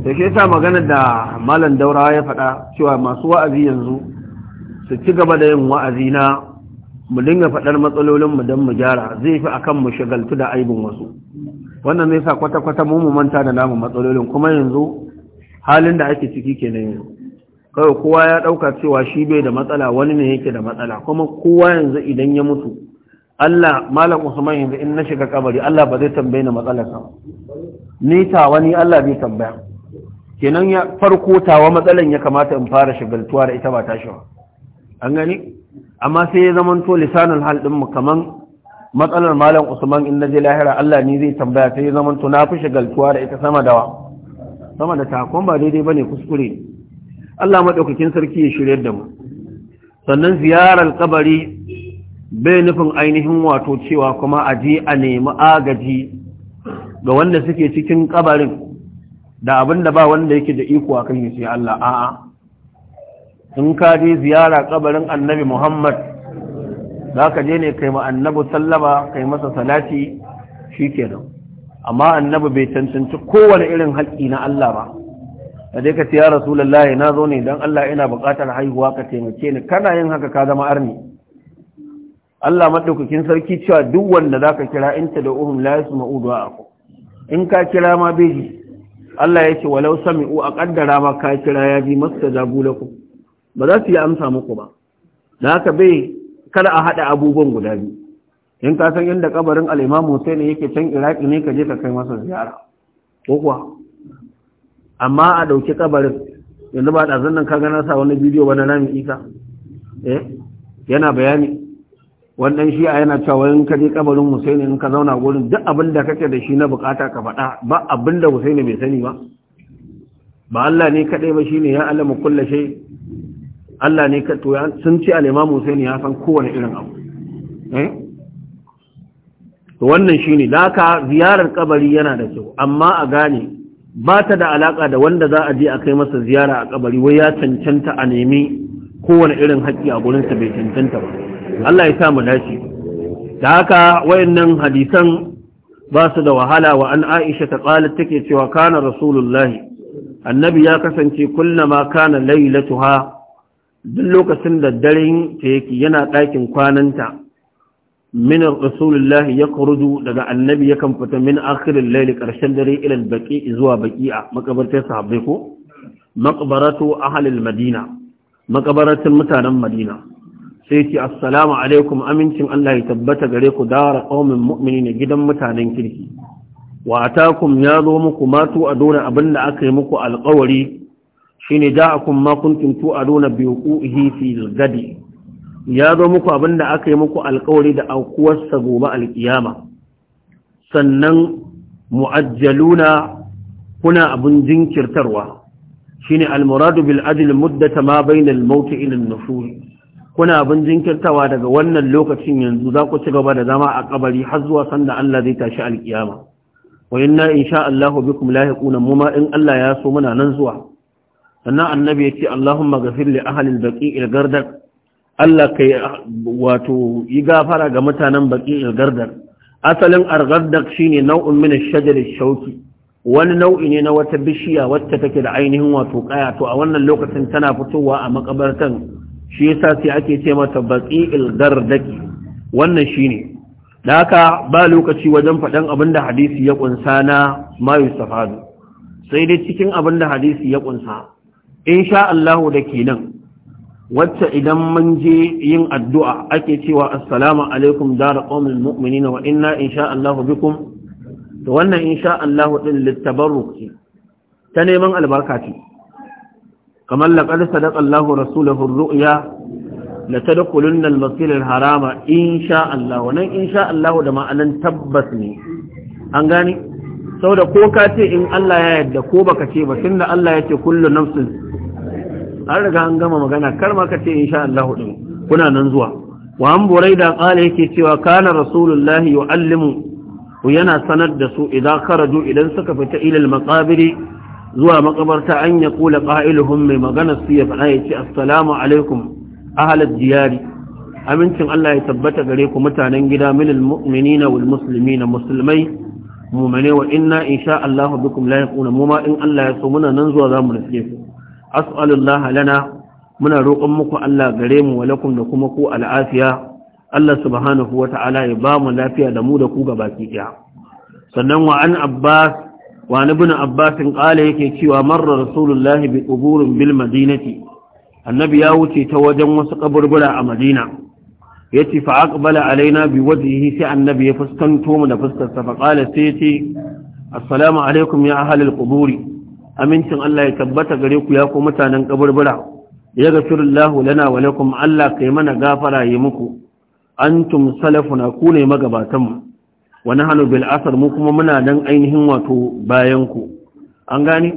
da ke sa magana da malam daura ya faɗa cewa masu wa'azi yanzu su ci gaba da yin wa'azi na mu dinga faɗar mu don mu gyara zai fi akan mu shagaltu da aibin wasu wannan zai sa kwata-kwata mu mu manta da namu matsalolin kuma yanzu halin da ake ciki kenan yanzu kawai kowa ya ɗauka cewa shi bai da matsala wani ne yake da matsala kuma kowa yanzu idan ya mutu Allah malam Usman yanzu in na shiga kabari Allah ba zai tambaye ni matsalar sa ni tawa ni Allah bai tambaya kenan ya farko tawa matsalan ya kamata in fara shigaltuwa da ita ba tashi ba an gani amma sai ya zama to lisanul hal din mu kaman matsalar malam Usman in naje lahira Allah ni zai tambaya sai ya zama to na fi shigaltuwa da ita sama da sama da takon ba daidai bane kuskure Allah maɗaukakin sarki ya shirya da mu sannan ziyarar kabari bai nufin ainihin wato cewa kuma a je a nemi agaji ga wanda suke cikin kabarin da abin da ba wanda yake da iko a kan sai Allah a'a in ka je ziyara kabarin annabi Muhammad za ka je ne kai ma annabi sallama kai masa salati shi kenan amma annabi bai cancanci kowane irin haƙƙi na Allah ba ka je ka ce ya rasulullahi na zo ne don Allah ina buƙatar haihuwa ka taimake ni kana yin haka ka zama arni Allah maɗaukakin sarki cewa duk wanda za ka kira in ta da uhun la yasu ma'uduwa aku in ka kira ma bai ji Allah ya ce walau sami'u a ƙaddara ma ka kira ya bi masu ta jabu ku ba za su yi amsa muku ba da haka bai kada a haɗa abubuwan guda biyu in ka san inda kabarin al'imamu sai ne yake can iraki ne ka je ka kai masa ziyara ko kuwa amma a ɗauki kabarin yanzu ba ɗazan nan kaga na wani bidiyo ba na rami isa eh yana bayani wannan shi a yana cewa yin ka je kabarin Husaini in ka zauna gurin duk abin da kake da shi na bukata ka faɗa ba abin da Husaini bai sani ba ba Allah ne kaɗai ba shine ya alama kulla shi. Allah ne ka to sun ce al-Imam Husaini ya san kowane irin abu eh to wannan shine da haka ziyarar kabari yana da kyau amma a gane ba ta da alaƙa da wanda za a je a kai masa ziyara a kabari wai ya cancanta a nemi kowane irin haƙƙi a gurinsa bai cancanta ba Allah ya sa mu dace da haka wayannan hadisan ba su da wahala wa an Aisha ta qalat take cewa kana rasulullahi annabi ya kasance kullama kana lailatuha duk lokacin da daren ta yake yana ɗakin kwananta Minan rasulullahi ya kurudu daga annabi yakan fita min akhirin laili karshen dare ilal baki zuwa baki'a makabartar sahabbai ko maqbaratu ahlil madina makabaratun mutanen madina sai ce assalamu alaikum amincin Allah ya tabbata gare ku dara qaumin mu'minina gidan mutanen kirki wa atakum ya zo muku ma tu aduna abinda aka yi muku alƙawari shine da'akum ma kuntum tu aduna bi wuquhi fi al-gadi ya zo muku abin da aka yi muku alkawari da aukuwarsa gobe alkiyama sannan mu'ajjaluna kuna abin jinkirtarwa shine almuradu bil adl muddata ma bayna al mawt ila kuna abin jinkirtawa daga wannan lokacin yanzu za ku ci gaba da zama a kabari har zuwa sanda Allah zai tashi alkiyama wa inna insha Allahu bikum lahiquna mu ma in Allah ya so muna nan zuwa sannan annabi ce Allahumma ghafir li ahli al baqi al gardak Allah kai ah, wato yi gafara ga mutanen baƙi irgardar asalin argardar shine nau'in min ash-shajar shauki wani nau'i ne na wata bishiya wacce take da ainihin wato kaya to a wannan lokacin tana fitowa a makabartan shi yasa sai ake ce mata baki irgardaki wannan shine da haka ba lokaci wajen faɗan abinda hadisi ya ƙunsa na mayu safadu sai dai cikin abinda hadisi ya ƙunsa. In sha Allahu da kenan wacce idan mun je yin addu'a ake cewa assalamu alaikum dar qawmil mu'minin wa inna insha Allah bikum to wannan insha Allah din littabarruk ta neman albarka ce kamar laqad sadaqa Allahu rasulahu ar-ru'ya la tadkhulunna al-masjid al-harama insha Allah wannan insha Allah da ma'anan tabbas ne an gane da ko ka ce in Allah ya yarda ko baka ce ba Tun da Allah ya ce kullu nafsin an riga an gama magana kar ma ka ce insha Allah din kuna nan zuwa wa an da qala yake cewa kana rasulullahi yuallimu yana sanar da su idan karaju idan suka fita ilal maqabiri zuwa makabarta an ya kula qa'iluhum mai magana su ya faɗa ya ce assalamu alaikum ahlal diyari amincin Allah ya tabbata gare ku mutanen gida minal mu'minina wal muslimina musulmai mu'mine wa inna insha Allah bikum lahiquna mu ma in Allah ya so muna nan zuwa zamu rike ku as'alullah lana muna roƙon muku Allah gare mu walakum da kuma ku al'afiya Allah subhanahu wata'ala ya ba mu lafiya da mu da ku gabaki daya sannan wa an abbas wa an ibn abbas qala yake cewa marra rasulullah bi quburin bil madinati annabi ya wuce ta wajen wasu kaburbura a madina yace fa aqbala alaina bi wajhihi sai annabi ya fuskanto mu da fuskar sa fa qala sai yace assalamu alaikum ya ahli al quburi amincin Allah ya tabbata gare ku ya ku mutanen kaburbura ya lahu lana wa lakum Allah kai mana gafara yi muku antum salafuna ku ne magabatan mu wa nahnu bil asr mu kuma muna nan ainihin wato bayan ku an gane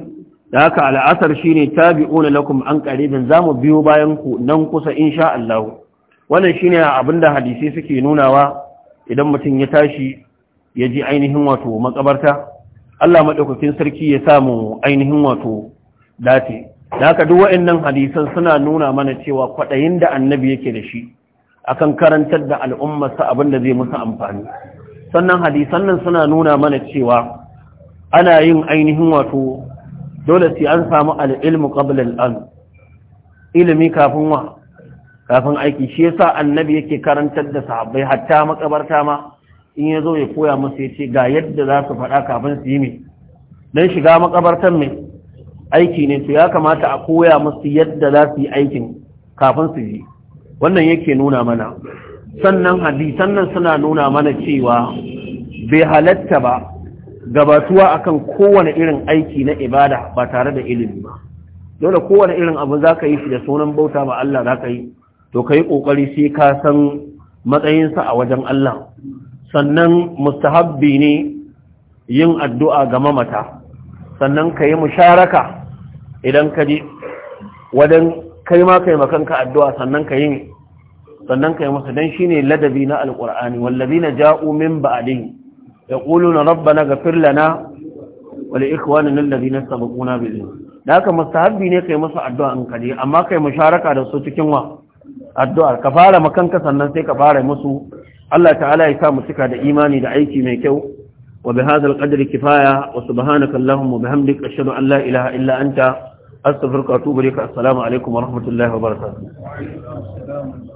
da haka al asr shine tabi'una lakum an qaribin zamu biyo bayan ku nan kusa insha Allah wannan shine abinda hadisi suke nunawa idan mutum ya tashi ya ji ainihin wato makabarta Allah maɗaukakin sarki ya samu ainihin wato dace da haka duk waɗannan hadisan suna nuna mana cewa kwaɗayin da annabi yake da shi akan karantar da al'ummarsa abin da zai musu amfani sannan hadisan nan suna nuna mana cewa ana yin ainihin wato dole sai an samu al'ilmu qabla al'an ilimi kafin wa kafin aiki shi yasa annabi yake karantar da sahabbai hatta makabarta ma in ya zo ya koya musu ya ce ga yadda za su faɗa kafin su yi mai don shiga makabartan mai aiki ne to ya kamata a koya masu yadda za su yi aikin kafin su yi wannan yake nuna mana sannan hadi nan suna nuna mana cewa bai halatta ba gabatuwa akan kowane irin aiki na ibada ba tare da ilimi ba dole kowane irin abu za ka yi shi da sunan bauta ba Allah za ka yi to ka yi ƙoƙari sai ka san matsayinsa a wajen Allah sannan mustahabbi ne yin addu'a ga mamata sannan ka yi musharaka idan ka ji wadan kai ma kai makanka addu'a sannan ka yi sannan ka yi masa don shi ne ladabi na alƙur'ani wallabi na ja'u min ba'adin ya ƙulu na rabba na gafir lana wale ikwanin lallabi na sabakuna bilin da haka mustahabbi ne yi masa addu'a in kaje amma kai musharaka da su cikin wa addu'ar ka fara makanka sannan sai ka fara musu Allah ta'ala ya sa mu cika da imani da aiki mai kyau wa bi hadzal qadri kifaya wa subhanaka allahumma wa bihamdika ashhadu an la ilaha illa anta astaghfiruka wa atubu ilaik assalamu alaikum wa rahmatullahi wa barakatuh